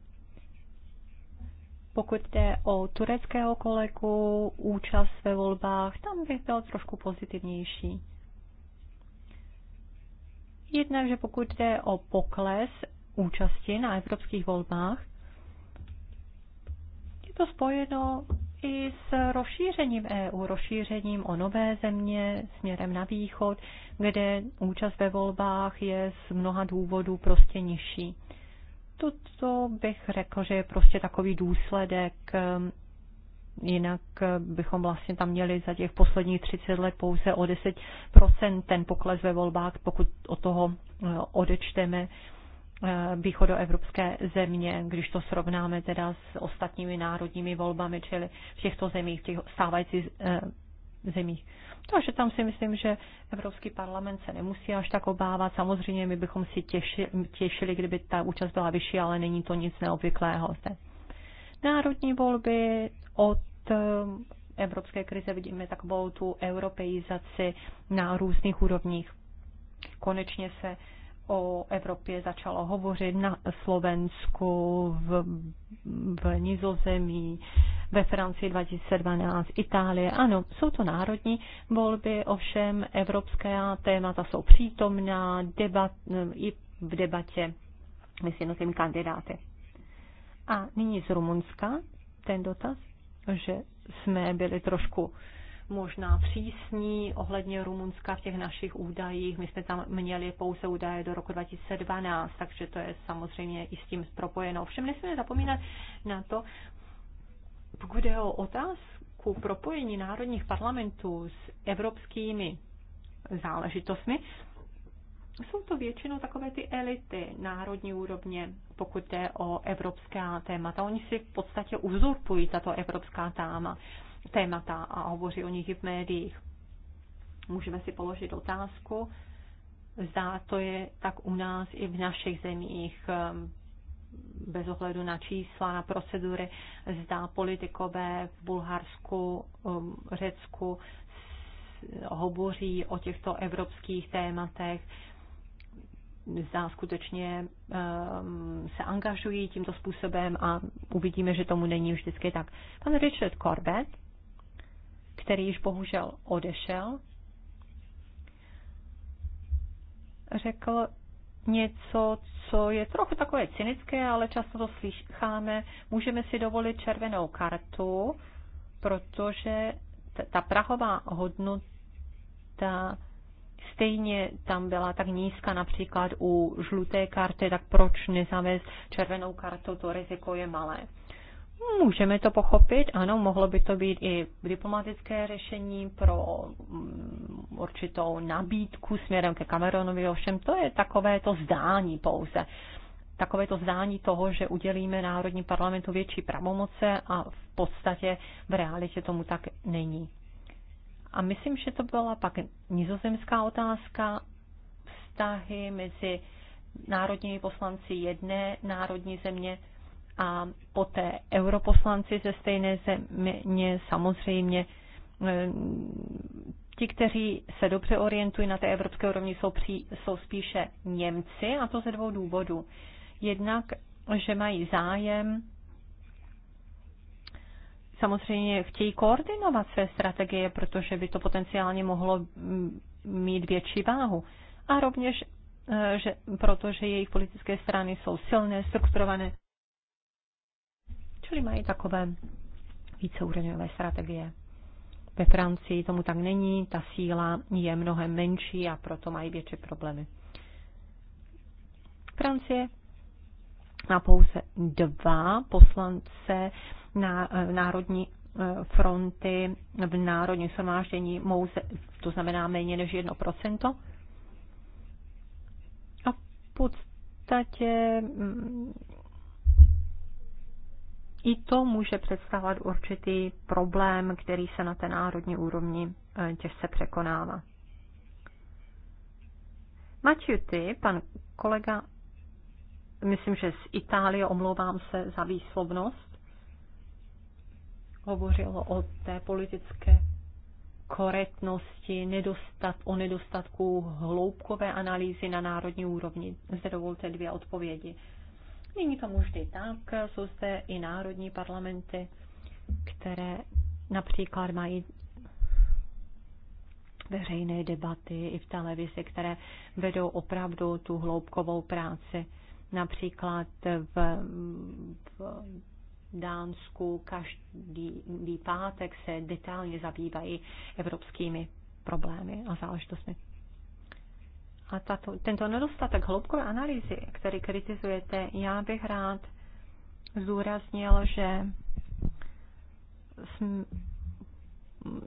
C: Pokud jde o tureckého kolegu, účast ve volbách, tam bych byl trošku pozitivnější. Jednak, že pokud jde o pokles účasti na evropských volbách, je to spojeno i s rozšířením EU, rozšířením o nové země směrem na východ, kde účast ve volbách je z mnoha důvodů prostě nižší. Toto bych řekl, že je prostě takový důsledek, um, jinak bychom vlastně tam měli za těch posledních 30 let pouze o 10% ten pokles ve volbách, pokud od toho uh, odečteme Eh, východoevropské země, když to srovnáme teda s ostatními národními volbami, čili v těchto zemích, v těch stávajících eh, zemích. Takže tam si myslím, že Evropský parlament se nemusí až tak obávat. Samozřejmě my bychom si těšili, kdyby ta účast byla vyšší, ale není to nic neobvyklého. Národní volby od eh, evropské krize vidíme takovou tu europeizaci na různých úrovních. Konečně se o Evropě začalo hovořit na Slovensku, v, v Nizozemí, ve Francii 2012, Itálie. Ano, jsou to národní volby, ovšem evropské témata jsou přítomná debat, i v debatě mezi jednotlivými kandidáty. A nyní z Rumunska ten dotaz, že jsme byli trošku možná přísní ohledně Rumunska v těch našich údajích. My jsme tam měli pouze údaje do roku 2012, takže to je samozřejmě i s tím propojeno. Ovšem nesmíme zapomínat na to, pokud je o otázku propojení národních parlamentů s evropskými záležitostmi, jsou to většinou takové ty elity národní úrovně, pokud jde o evropská témata. Oni si v podstatě uzurpují tato evropská táma témata a hovoří o nich i v médiích. Můžeme si položit otázku, zda to je tak u nás i v našich zemích, ehm, bez ohledu na čísla, na procedury, zda politikové v Bulharsku, ehm, Řecku hovoří o těchto evropských tématech, zda skutečně ehm, se angažují tímto způsobem a uvidíme, že tomu není vždycky tak. Pan Richard Corbett který již bohužel odešel, řekl něco, co je trochu takové cynické, ale často to slycháme. Můžeme si dovolit červenou kartu, protože ta prahová hodnota stejně tam byla tak nízka například u žluté karty, tak proč nezavést červenou kartu, to riziko je malé. Můžeme to pochopit, ano, mohlo by to být i diplomatické řešení pro mm, určitou nabídku směrem ke Cameronovi, ovšem to je takové to zdání pouze. Takové to zdání toho, že udělíme Národní parlamentu větší pravomoce a v podstatě v realitě tomu tak není. A myslím, že to byla pak nizozemská otázka, vztahy mezi národními poslanci jedné národní země a poté europoslanci ze stejné země samozřejmě e, ti, kteří se dobře orientují na té evropské úrovni, jsou, při, jsou spíše Němci a to ze dvou důvodů. Jednak, že mají zájem, samozřejmě chtějí koordinovat své strategie, protože by to potenciálně mohlo mít větší váhu. A rovněž, e, že, protože jejich politické strany jsou silné, strukturované čili mají takové víceúrovňové strategie. Ve Francii tomu tak není, ta síla je mnohem menší a proto mají větší problémy. Francie má pouze dva poslance na eh, Národní eh, fronty v Národním shromáždění, to znamená méně než 1%. A v podstatě mm, i to může představovat určitý problém, který se na té národní úrovni eh, těžce překonává. ty, pan kolega, myslím, že z Itálie, omlouvám se za výslovnost, hovořilo o té politické korektnosti, nedostat, o nedostatku hloubkové analýzy na národní úrovni. Zde dovolte dvě odpovědi. Není tomu vždy tak. Jsou zde i národní parlamenty, které například mají veřejné debaty i v televizi, které vedou opravdu tu hloubkovou práci. Například v, v Dánsku každý pátek se detailně zabývají evropskými problémy a záležitostmi a tato, tento nedostatek hloubkové analýzy, který kritizujete, já bych rád zúraznil, že jsme,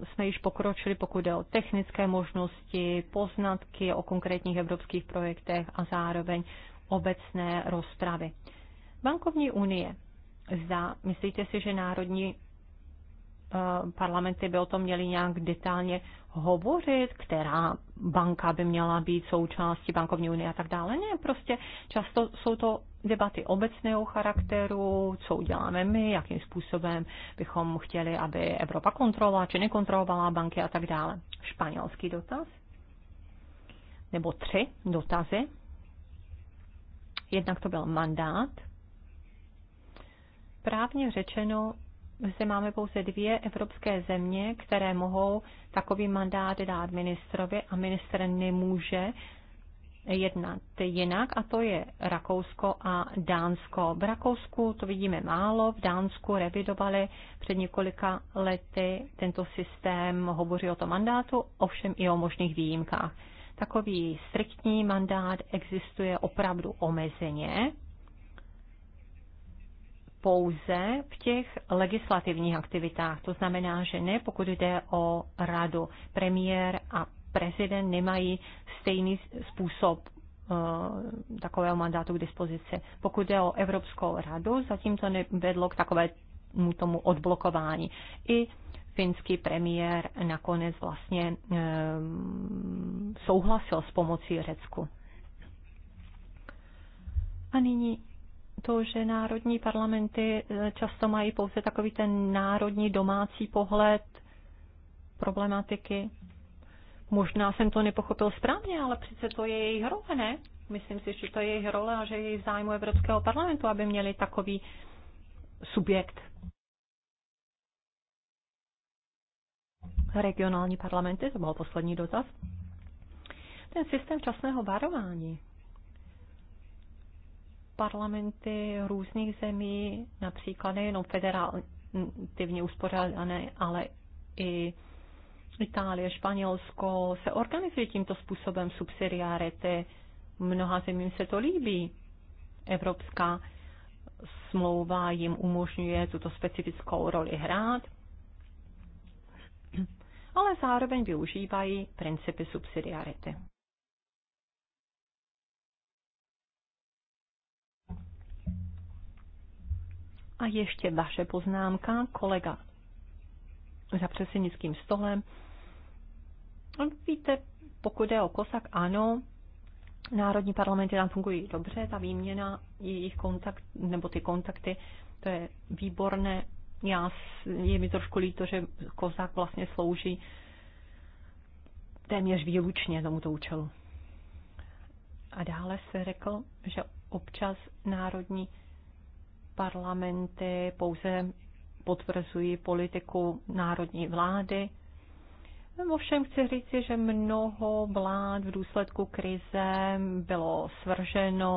C: jsme již pokročili, pokud jde o technické možnosti, poznatky o konkrétních evropských projektech a zároveň obecné rozpravy. Bankovní unie. Zda, myslíte si, že národní Eh, parlamenty by o tom měly nějak detailně hovořit, která banka by měla být součástí bankovní unie a tak dále. Ne, prostě často jsou to debaty obecného charakteru, co uděláme my, jakým způsobem bychom chtěli, aby Evropa kontrolovala či nekontrolovala banky a tak dále. Španělský dotaz? Nebo tři dotazy? Jednak to byl mandát. Právně řečeno zde máme pouze dvě evropské země, které mohou takový mandát dát ministrovi a minister nemůže jednat jinak a to je Rakousko a Dánsko. V Rakousku to vidíme málo, v Dánsku revidovali před několika lety tento systém, hovoří o tom mandátu, ovšem i o možných výjimkách. Takový striktní mandát existuje opravdu omezeně, pouze v těch legislativních aktivitách. To znamená, že ne pokud jde o radu. Premiér a prezident nemají stejný způsob eh, takového mandátu k dispozici. Pokud jde o Evropskou radu, zatím to nevedlo k takovému tomu odblokování. I finský premiér nakonec vlastně eh, souhlasil s pomocí Řecku. A nyní to, že národní parlamenty eh, často mají pouze takový ten národní domácí pohled problematiky. Možná jsem to nepochopil správně, ale přece to je jejich role, ne? Myslím si, že to je jejich role a že je jejich zájmu Evropského parlamentu, aby měli takový subjekt. Regionální parlamenty, to byl poslední dotaz. Ten systém časného varování, parlamenty různých zemí, například nejenom federativně uspořádané, ale i Itálie, Španělsko se organizuje tímto způsobem subsidiarity. Mnoha zemím se to líbí. Evropská smlouva jim umožňuje tuto specifickou roli hrát, ale zároveň využívají principy subsidiarity. A ještě vaše poznámka, kolega za předsednickým stolem. No, víte, pokud je o kosak, ano, národní parlamenty tam fungují dobře, ta výměna, jejich kontakt, nebo ty kontakty, to je výborné. Já, je mi trošku líto, že kozák vlastně slouží téměř výlučně tomuto účelu. A dále se řekl, že občas národní parlamenty pouze potvrzují politiku národní vlády. Ovšem chci říci, že mnoho vlád v důsledku krize bylo svrženo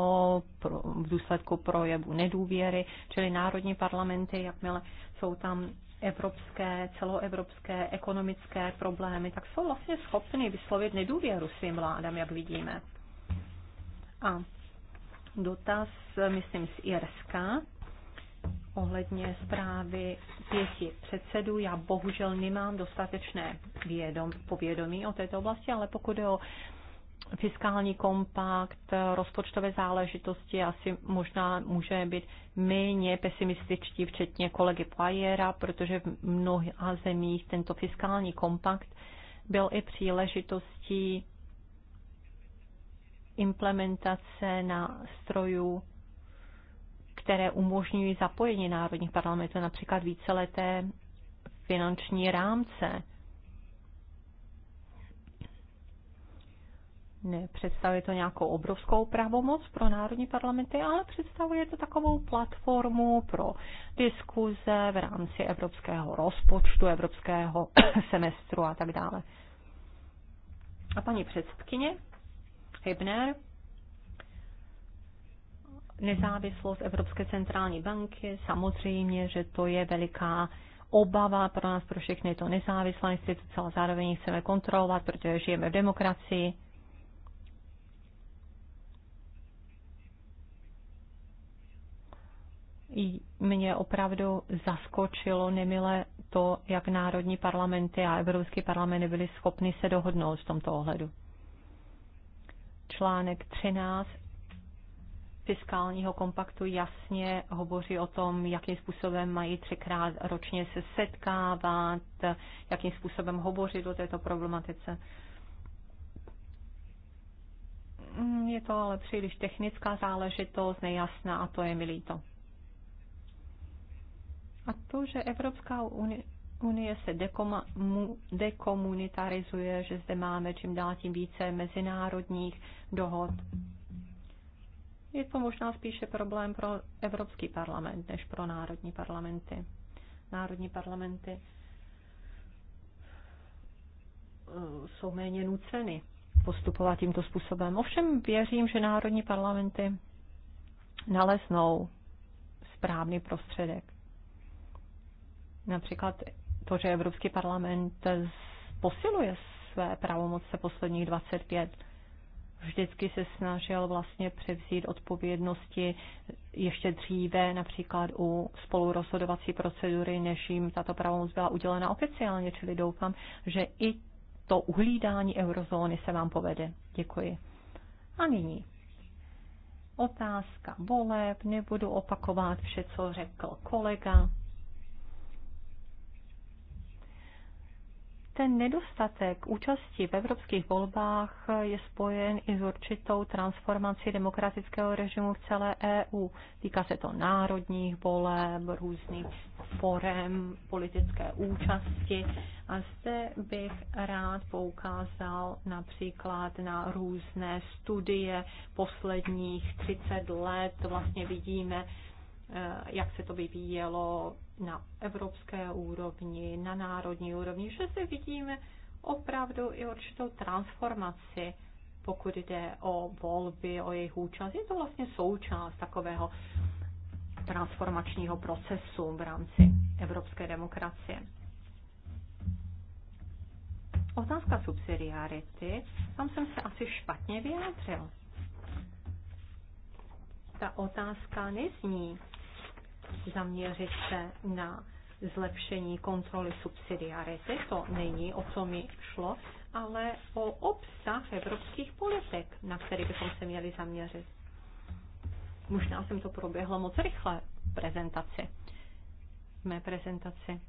C: v důsledku projevu nedůvěry, čili národní parlamenty, jakmile jsou tam evropské, celoevropské ekonomické problémy, tak jsou vlastně schopni vyslovit nedůvěru svým vládám, jak vidíme. A dotaz, myslím, z Irska ohledně zprávy pěti předsedů. Já bohužel nemám dostatečné vědom, povědomí o této oblasti, ale pokud je o fiskální kompakt, rozpočtové záležitosti asi možná může být méně pesimističtí, včetně kolegy Pajera, protože v mnoha zemích tento fiskální kompakt byl i příležitostí implementace nástrojů které umožňují zapojení národních parlamentů, například víceleté finanční rámce. Nepředstavuje to nějakou obrovskou pravomoc pro národní parlamenty, ale představuje to takovou platformu pro diskuze v rámci evropského rozpočtu, evropského semestru a tak dále. A paní předsedkyně Hybner nezávislost Evropské centrální banky, samozřejmě, že to je veliká obava pro nás, pro všechny to nezávislá instituce, ale zároveň chceme kontrolovat, protože žijeme v demokracii. Mě opravdu zaskočilo nemile to, jak národní parlamenty a Evropský parlament byly schopny se dohodnout v tomto ohledu. Článek 13 fiskálního kompaktu jasně hovoří o tom, jakým způsobem mají třikrát ročně se setkávat, jakým způsobem hovořit o této problematice. Je to ale příliš technická záležitost, nejasná a to je mi líto. A to, že Evropská unie, unie se dekomunitarizuje, že zde máme čím dál tím více mezinárodních dohod, je to možná spíše problém pro Evropský parlament než pro národní parlamenty. Národní parlamenty eh, jsou méně nuceny postupovat tímto způsobem. Ovšem věřím, že národní parlamenty naleznou správný prostředek. Například to, že Evropský parlament posiluje své pravomoce posledních 25 vždycky se snažil vlastně převzít odpovědnosti ještě dříve, například u spolurozhodovací procedury, než jim tato pravomoc byla udělena oficiálně, čili doufám, že i to uhlídání eurozóny se vám povede. Děkuji. A nyní otázka voleb, nebudu opakovat vše, co řekl kolega. ten nedostatek účasti v evropských volbách je spojen i s určitou transformací demokratického režimu v celé EU. Týká se to národních voleb, různých forem politické účasti. A zde bych rád poukázal například na různé studie posledních 30 let. Vlastně vidíme, eh, jak se to vyvíjelo na evropské úrovni, na národní úrovni, že se vidíme opravdu i určitou transformaci, pokud jde o volby, o jejich účast. Je to vlastně součást takového transformačního procesu v rámci evropské demokracie. Otázka subsidiarity, tam jsem se asi špatně vyjádřil. Ta otázka nezní zaměřit se na zlepšení kontroly subsidiarity. To není, o co mi šlo, ale o obsah evropských politik, na který bychom se měli zaměřit. Možná jsem to proběhlo moc rychle v prezentaci, v mé prezentaci.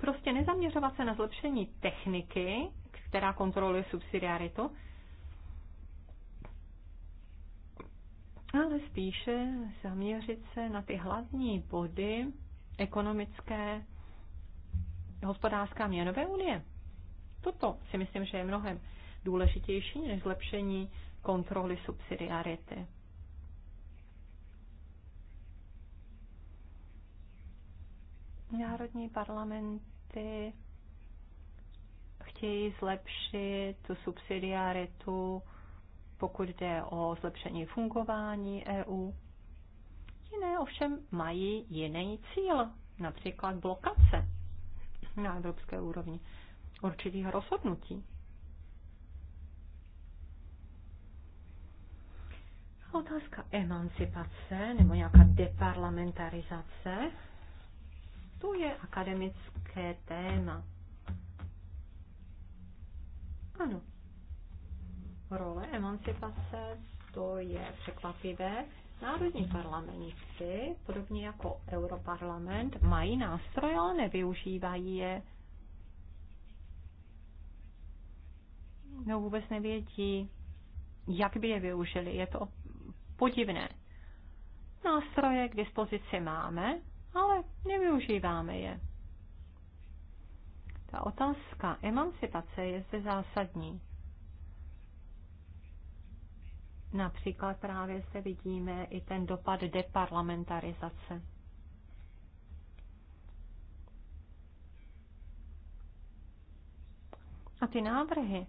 C: Prostě nezaměřovat se na zlepšení techniky, která kontroluje subsidiaritu, ale spíše zaměřit se na ty hlavní body ekonomické hospodářská měnové unie. Toto si myslím, že je mnohem důležitější než zlepšení kontroly subsidiarity. Národní parlamenty chtějí zlepšit tu subsidiaritu pokud jde o zlepšení fungování EU. Jiné ovšem mají jiný cíl, například blokace na evropské úrovni určitých rozhodnutí. Otázka emancipace nebo nějaká deparlamentarizace, to je akademické téma. Ano, role emancipace, to je překvapivé. Národní mhm. parlamenty, podobně jako Europarlament, mají nástroje, ale nevyužívají je. No vůbec nevědí, jak by je využili. Je to podivné. Nástroje k dispozici máme, ale nevyužíváme je. Ta otázka emancipace je zde zásadní. Například právě se vidíme i ten dopad deparlamentarizace. A ty návrhy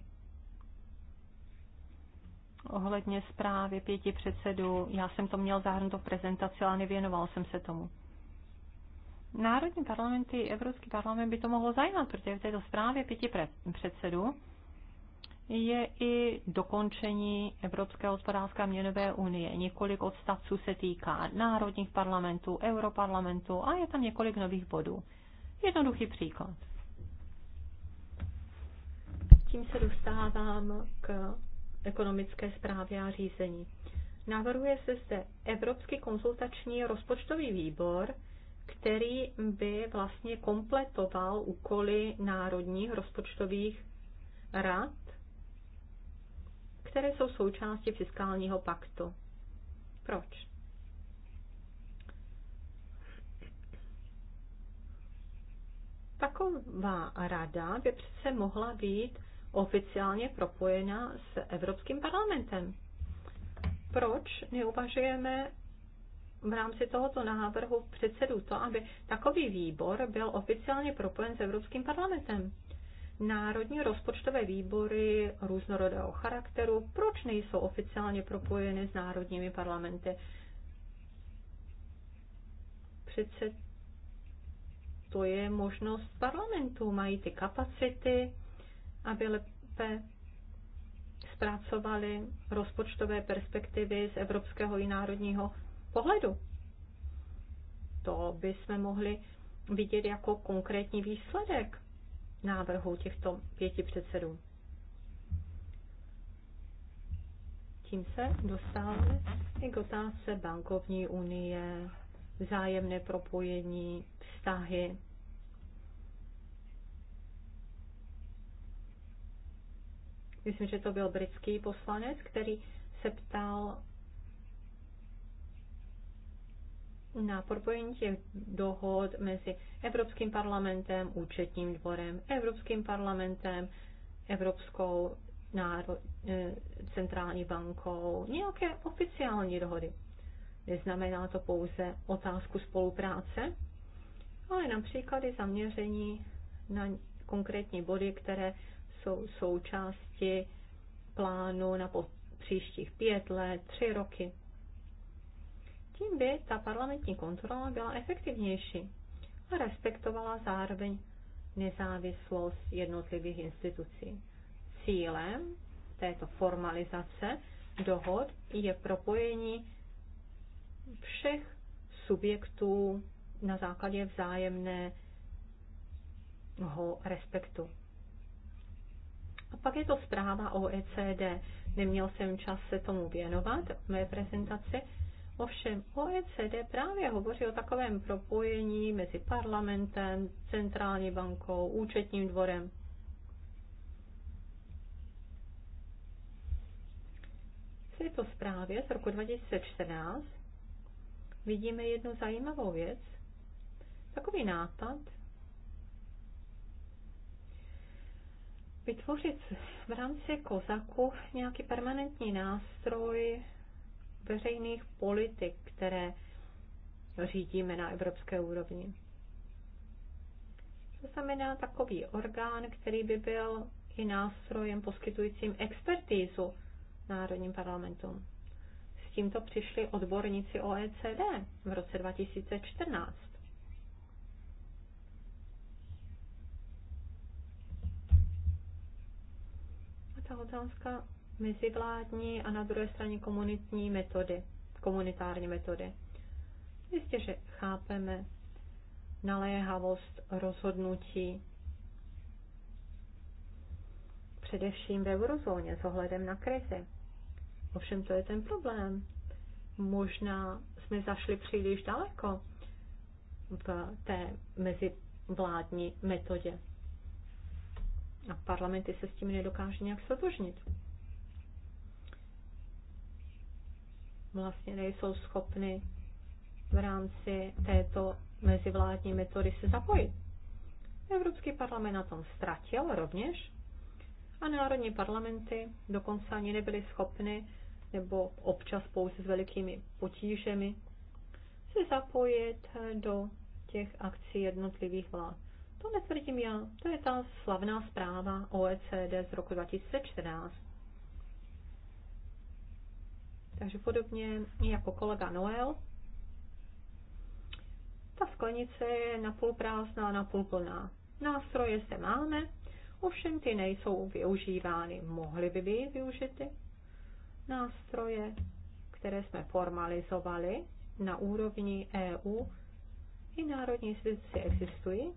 C: ohledně zprávy pěti předsedů, já jsem to měl zahrnout v prezentaci, ale nevěnoval jsem se tomu. Národní parlamenty, Evropský parlament by to mohlo zajímat, protože v této zprávě pěti předsedů je i dokončení Evropské hospodářské měnové unie. Několik odstavců se týká národních parlamentů, europarlamentů a je tam několik nových bodů. Jednoduchý příklad. Tím se dostávám k ekonomické zprávě a řízení. Navrhuje se zde Evropský konzultační rozpočtový výbor, který by vlastně kompletoval úkoly národních rozpočtových rad které jsou součástí fiskálního paktu. Proč? Taková rada by přece mohla být oficiálně propojena s Evropským parlamentem. Proč neuvažujeme v rámci tohoto návrhu předsedu to, aby takový výbor byl oficiálně propojen s Evropským parlamentem? národní rozpočtové výbory různorodého charakteru, proč nejsou oficiálně propojeny s národními parlamenty? Přece to je možnost parlamentu, mají ty kapacity, aby lépe zpracovali rozpočtové perspektivy z evropského i národního pohledu. To by jsme mohli vidět jako konkrétní výsledek návrhu těchto pěti předsedů. Tím se dostáváme i k otázce bankovní unie, vzájemné propojení, vztahy. Myslím, že to byl britský poslanec, který se ptal na propojení těch dohod mezi Evropským parlamentem, účetním dvorem, Evropským parlamentem, Evropskou náro- eh, centrální bankou, nějaké oficiální dohody. Neznamená to pouze otázku spolupráce, ale například i zaměření na konkrétní body, které jsou součástí plánu na příštích pět let, tři roky. Tím by ta parlamentní kontrola byla efektivnější a respektovala zároveň nezávislost jednotlivých institucí. Cílem této formalizace dohod je propojení všech subjektů na základě vzájemného respektu. A pak je to zpráva OECD. Neměl jsem čas se tomu věnovat v mé prezentaci, Ovšem OECD právě hovoří o takovém propojení mezi parlamentem, centrální bankou, účetním dvorem. V této zprávě z roku 2014 vidíme jednu zajímavou věc, takový nápad vytvořit v rámci Kozaku nějaký permanentní nástroj veřejných politik, které řídíme na evropské úrovni. To znamená takový orgán, který by byl i nástrojem poskytujícím expertízu národním parlamentům. S tímto přišli odborníci OECD v roce 2014. A ta otázka mezivládní a na druhé straně komunitní metody, komunitární metody. Jistě, že chápeme naléhavost rozhodnutí především ve eurozóně s ohledem na krizi. Ovšem to je ten problém. Možná jsme zašli příliš daleko v té mezivládní metodě. A parlamenty se s tím nedokáží nějak sotožnit. vlastně nejsou schopny v rámci této mezivládní metody se zapojit. Evropský parlament na tom ztratil rovněž a národní parlamenty dokonce ani nebyly schopny nebo občas pouze s velikými potížemi se zapojit do těch akcí jednotlivých vlád. To netvrdím já, to je ta slavná zpráva OECD z roku 2014. Takže podobně jako kolega Noel, ta sklenice je napůl prázdná, napůl plná. Nástroje se máme, ovšem ty nejsou využívány. Mohly by být využity nástroje, které jsme formalizovali na úrovni EU i národní instituce existují,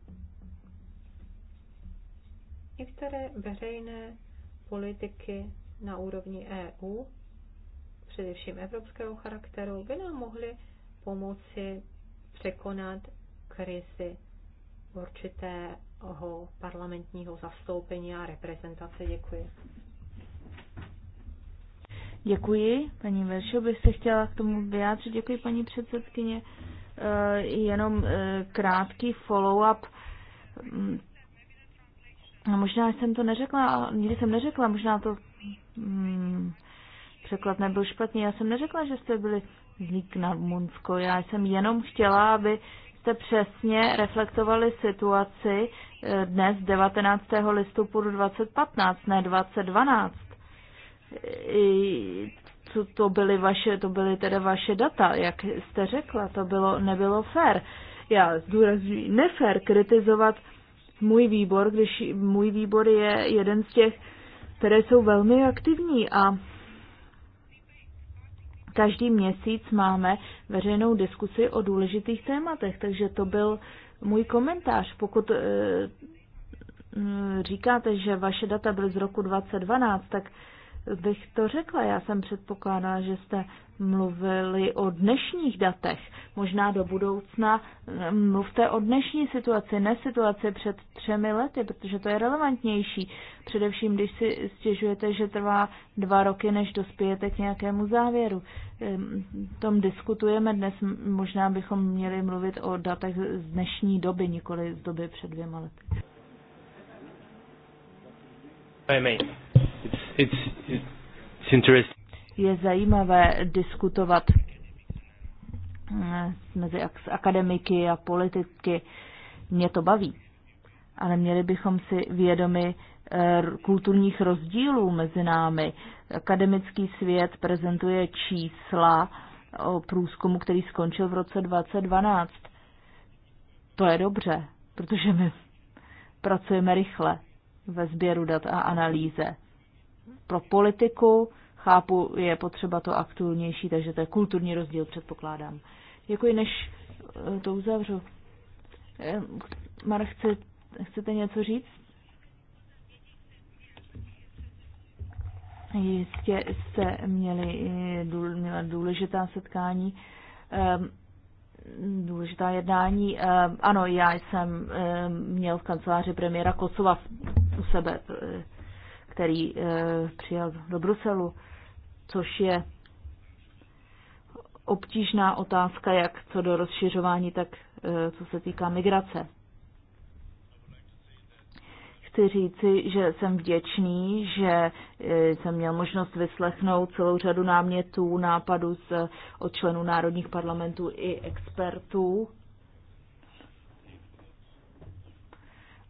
C: některé veřejné politiky na úrovni EU především evropského charakteru, by nám mohly pomoci překonat krizi určitého parlamentního zastoupení a reprezentace. Děkuji.
A: Děkuji, paní Veršo, bych se chtěla k tomu vyjádřit. Děkuji, paní předsedkyně. Eh, jenom eh, krátký follow-up. Mm. Možná jsem to neřekla, nikdy jsem neřekla, možná to mm, překlad nebyl špatný. Já jsem neřekla, že jste byli zlík na Rumunsko. Já jsem jenom chtěla, aby jste přesně reflektovali situaci eh, dnes 19. listopadu 2015, ne 2012. I to, to byly vaše, to byly teda vaše data, jak jste řekla, to bylo, nebylo fér. Já zdůrazňuji, nefér kritizovat můj výbor, když můj výbor je jeden z těch, které jsou velmi aktivní a každý měsíc máme veřejnou diskusi o důležitých tématech, takže to byl můj komentář. Pokud eh, říkáte, že vaše data byly z roku 2012, tak bych to řekla. Já jsem předpokládala, že jste mluvili o dnešních datech. Možná do budoucna mm, mluvte o dnešní situaci, ne situaci před třemi lety, protože to je relevantnější. Především, když si stěžujete, že trvá dva roky, než dospějete k nějakému závěru. Ehm, tom diskutujeme dnes. Možná bychom měli mluvit o datech z dnešní doby, nikoli z doby před dvěma lety.
C: it's it's, it's interesting.
A: Je zajímavé diskutovat eh, mezi akademiky a politiky. Mě to baví. Ale měli bychom si vědomi eh, kulturních rozdílů mezi námi. Akademický svět prezentuje čísla o průzkumu, který skončil v roce 2012. To je dobře, protože my pracujeme rychle ve sběru dat a analýze pro politiku. Chápu, je potřeba to aktuálnější, takže to je kulturní rozdíl, předpokládám. Děkuji, než eh, to uzavřu. Eh, Mar, chce, chcete něco říct? Jistě jste měli, eh, měla důležitá setkání, důležitá jednání. Ano, já jsem měl v kanceláři premiéra Kosova u sebe který eh, přijel do Bruselu, což je obtížná otázka, jak co do rozšiřování, tak eh, co se týká migrace. Chci říci, že jsem vděčný, že eh, jsem měl možnost vyslechnout celou řadu námětů, nápadů z, od členů národních parlamentů i expertů.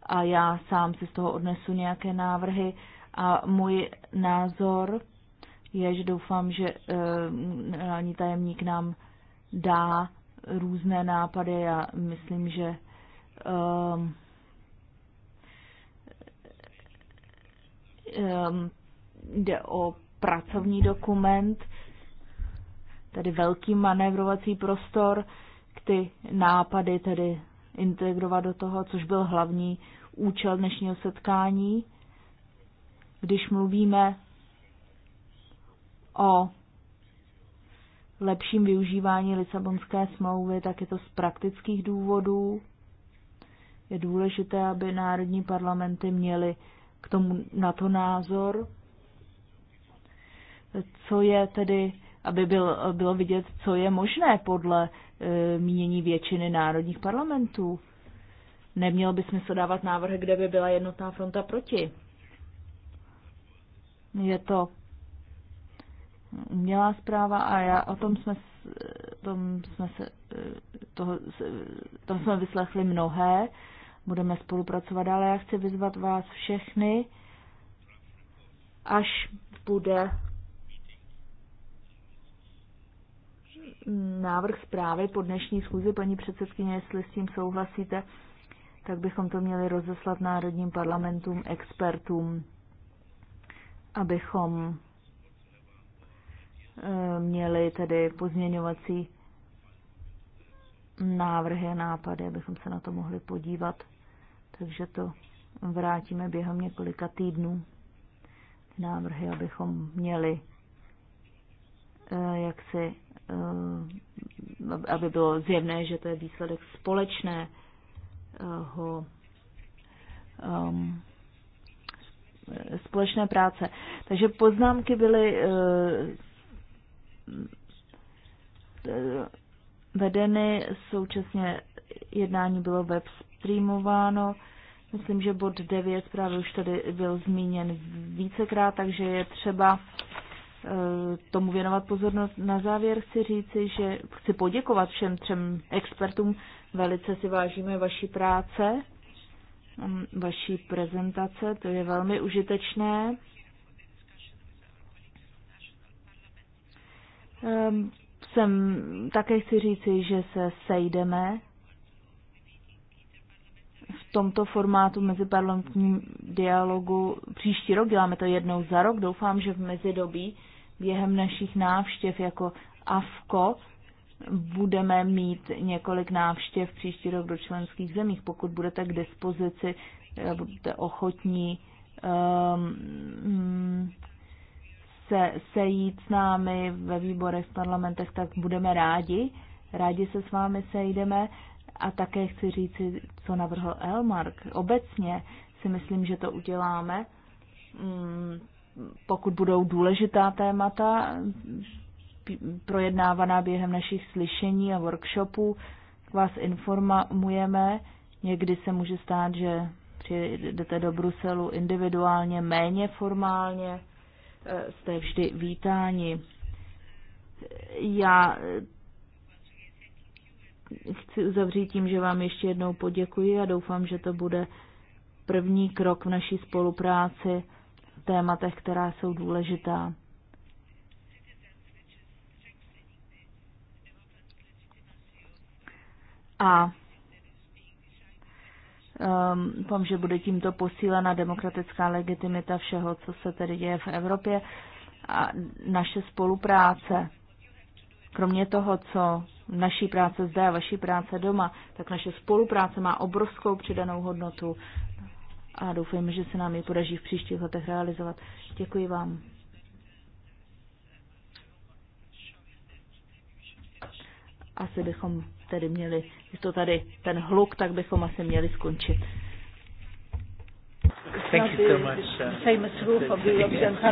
A: A já sám si z toho odnesu nějaké návrhy. A můj názor je, že doufám, že eh, generální tajemník nám dá různé nápady. Já myslím, že um, um, jde o pracovní dokument, tedy velký manévrovací prostor, ty nápady tedy integrovat do toho, což byl hlavní účel dnešního setkání když mluvíme o lepším využívání Lisabonské smlouvy, tak je to z praktických důvodů. Je důležité, aby národní parlamenty měly k tomu na to názor, co je tedy, aby byl, bylo vidět, co je možné podle e, mínění většiny národních parlamentů. Nemělo by smysl dávat návrhy, kde by byla jednotná fronta proti. Je to umělá zpráva a já o tom jsme, tom jsme se, toho, tam jsme vyslechli mnohé. Budeme spolupracovat, ale já chci vyzvat vás všechny, až bude návrh zprávy po dnešní schůzi, paní předsedkyně, jestli s tím souhlasíte, tak bychom to měli rozeslat národním parlamentům, expertům abychom eh, měli tedy pozměňovací návrhy a nápady, abychom se na to mohli podívat. Takže to vrátíme během několika týdnů návrhy, abychom měli eh, jak si, eh, aby bylo zjevné, že to je výsledek společného um, společné práce. Takže poznámky byly eh, eh, vedeny, současně jednání bylo web streamováno. Myslím, že bod 9 právě už tady byl zmíněn vícekrát, takže je třeba eh, tomu věnovat pozornost. Na závěr chci říci, že chci poděkovat všem třem expertům. Velice si vážíme vaší práce vaší prezentace, to je velmi užitečné. Ehm, jsem, také chci říci, že se sejdeme v tomto formátu meziparlamentním dialogu příští rok. Děláme to jednou za rok. Doufám, že v mezidobí během našich návštěv jako AFKO budeme mít několik návštěv příští rok do členských zemích. Pokud budete k dispozici, eh, budete ochotní um, se, sejít s námi ve výborech, v parlamentech, tak budeme rádi. Rádi se s vámi sejdeme. A také chci říci, co navrhl Elmark. Obecně si myslím, že to uděláme. Mm, pokud budou důležitá témata, projednávaná během našich slyšení a workshopů. Vás informujeme. Někdy se může stát, že přijedete do Bruselu individuálně, méně formálně. E, jste vždy vítáni. Já e, chci uzavřít tím, že vám ještě jednou poděkuji a doufám, že to bude první krok v naší spolupráci v tématech, která jsou důležitá. a um, tom, že bude tímto posílena demokratická legitimita všeho, co se tedy děje v Evropě a naše spolupráce. Kromě toho, co naší práce zde a vaší práce doma, tak naše spolupráce má obrovskou přidanou hodnotu a doufejme, že se nám ji podaří v příštích letech realizovat. Děkuji vám. Asi bychom tedy měli, je to tady ten hluk, tak bychom asi měli skončit.
B: Thank you so much. Uh,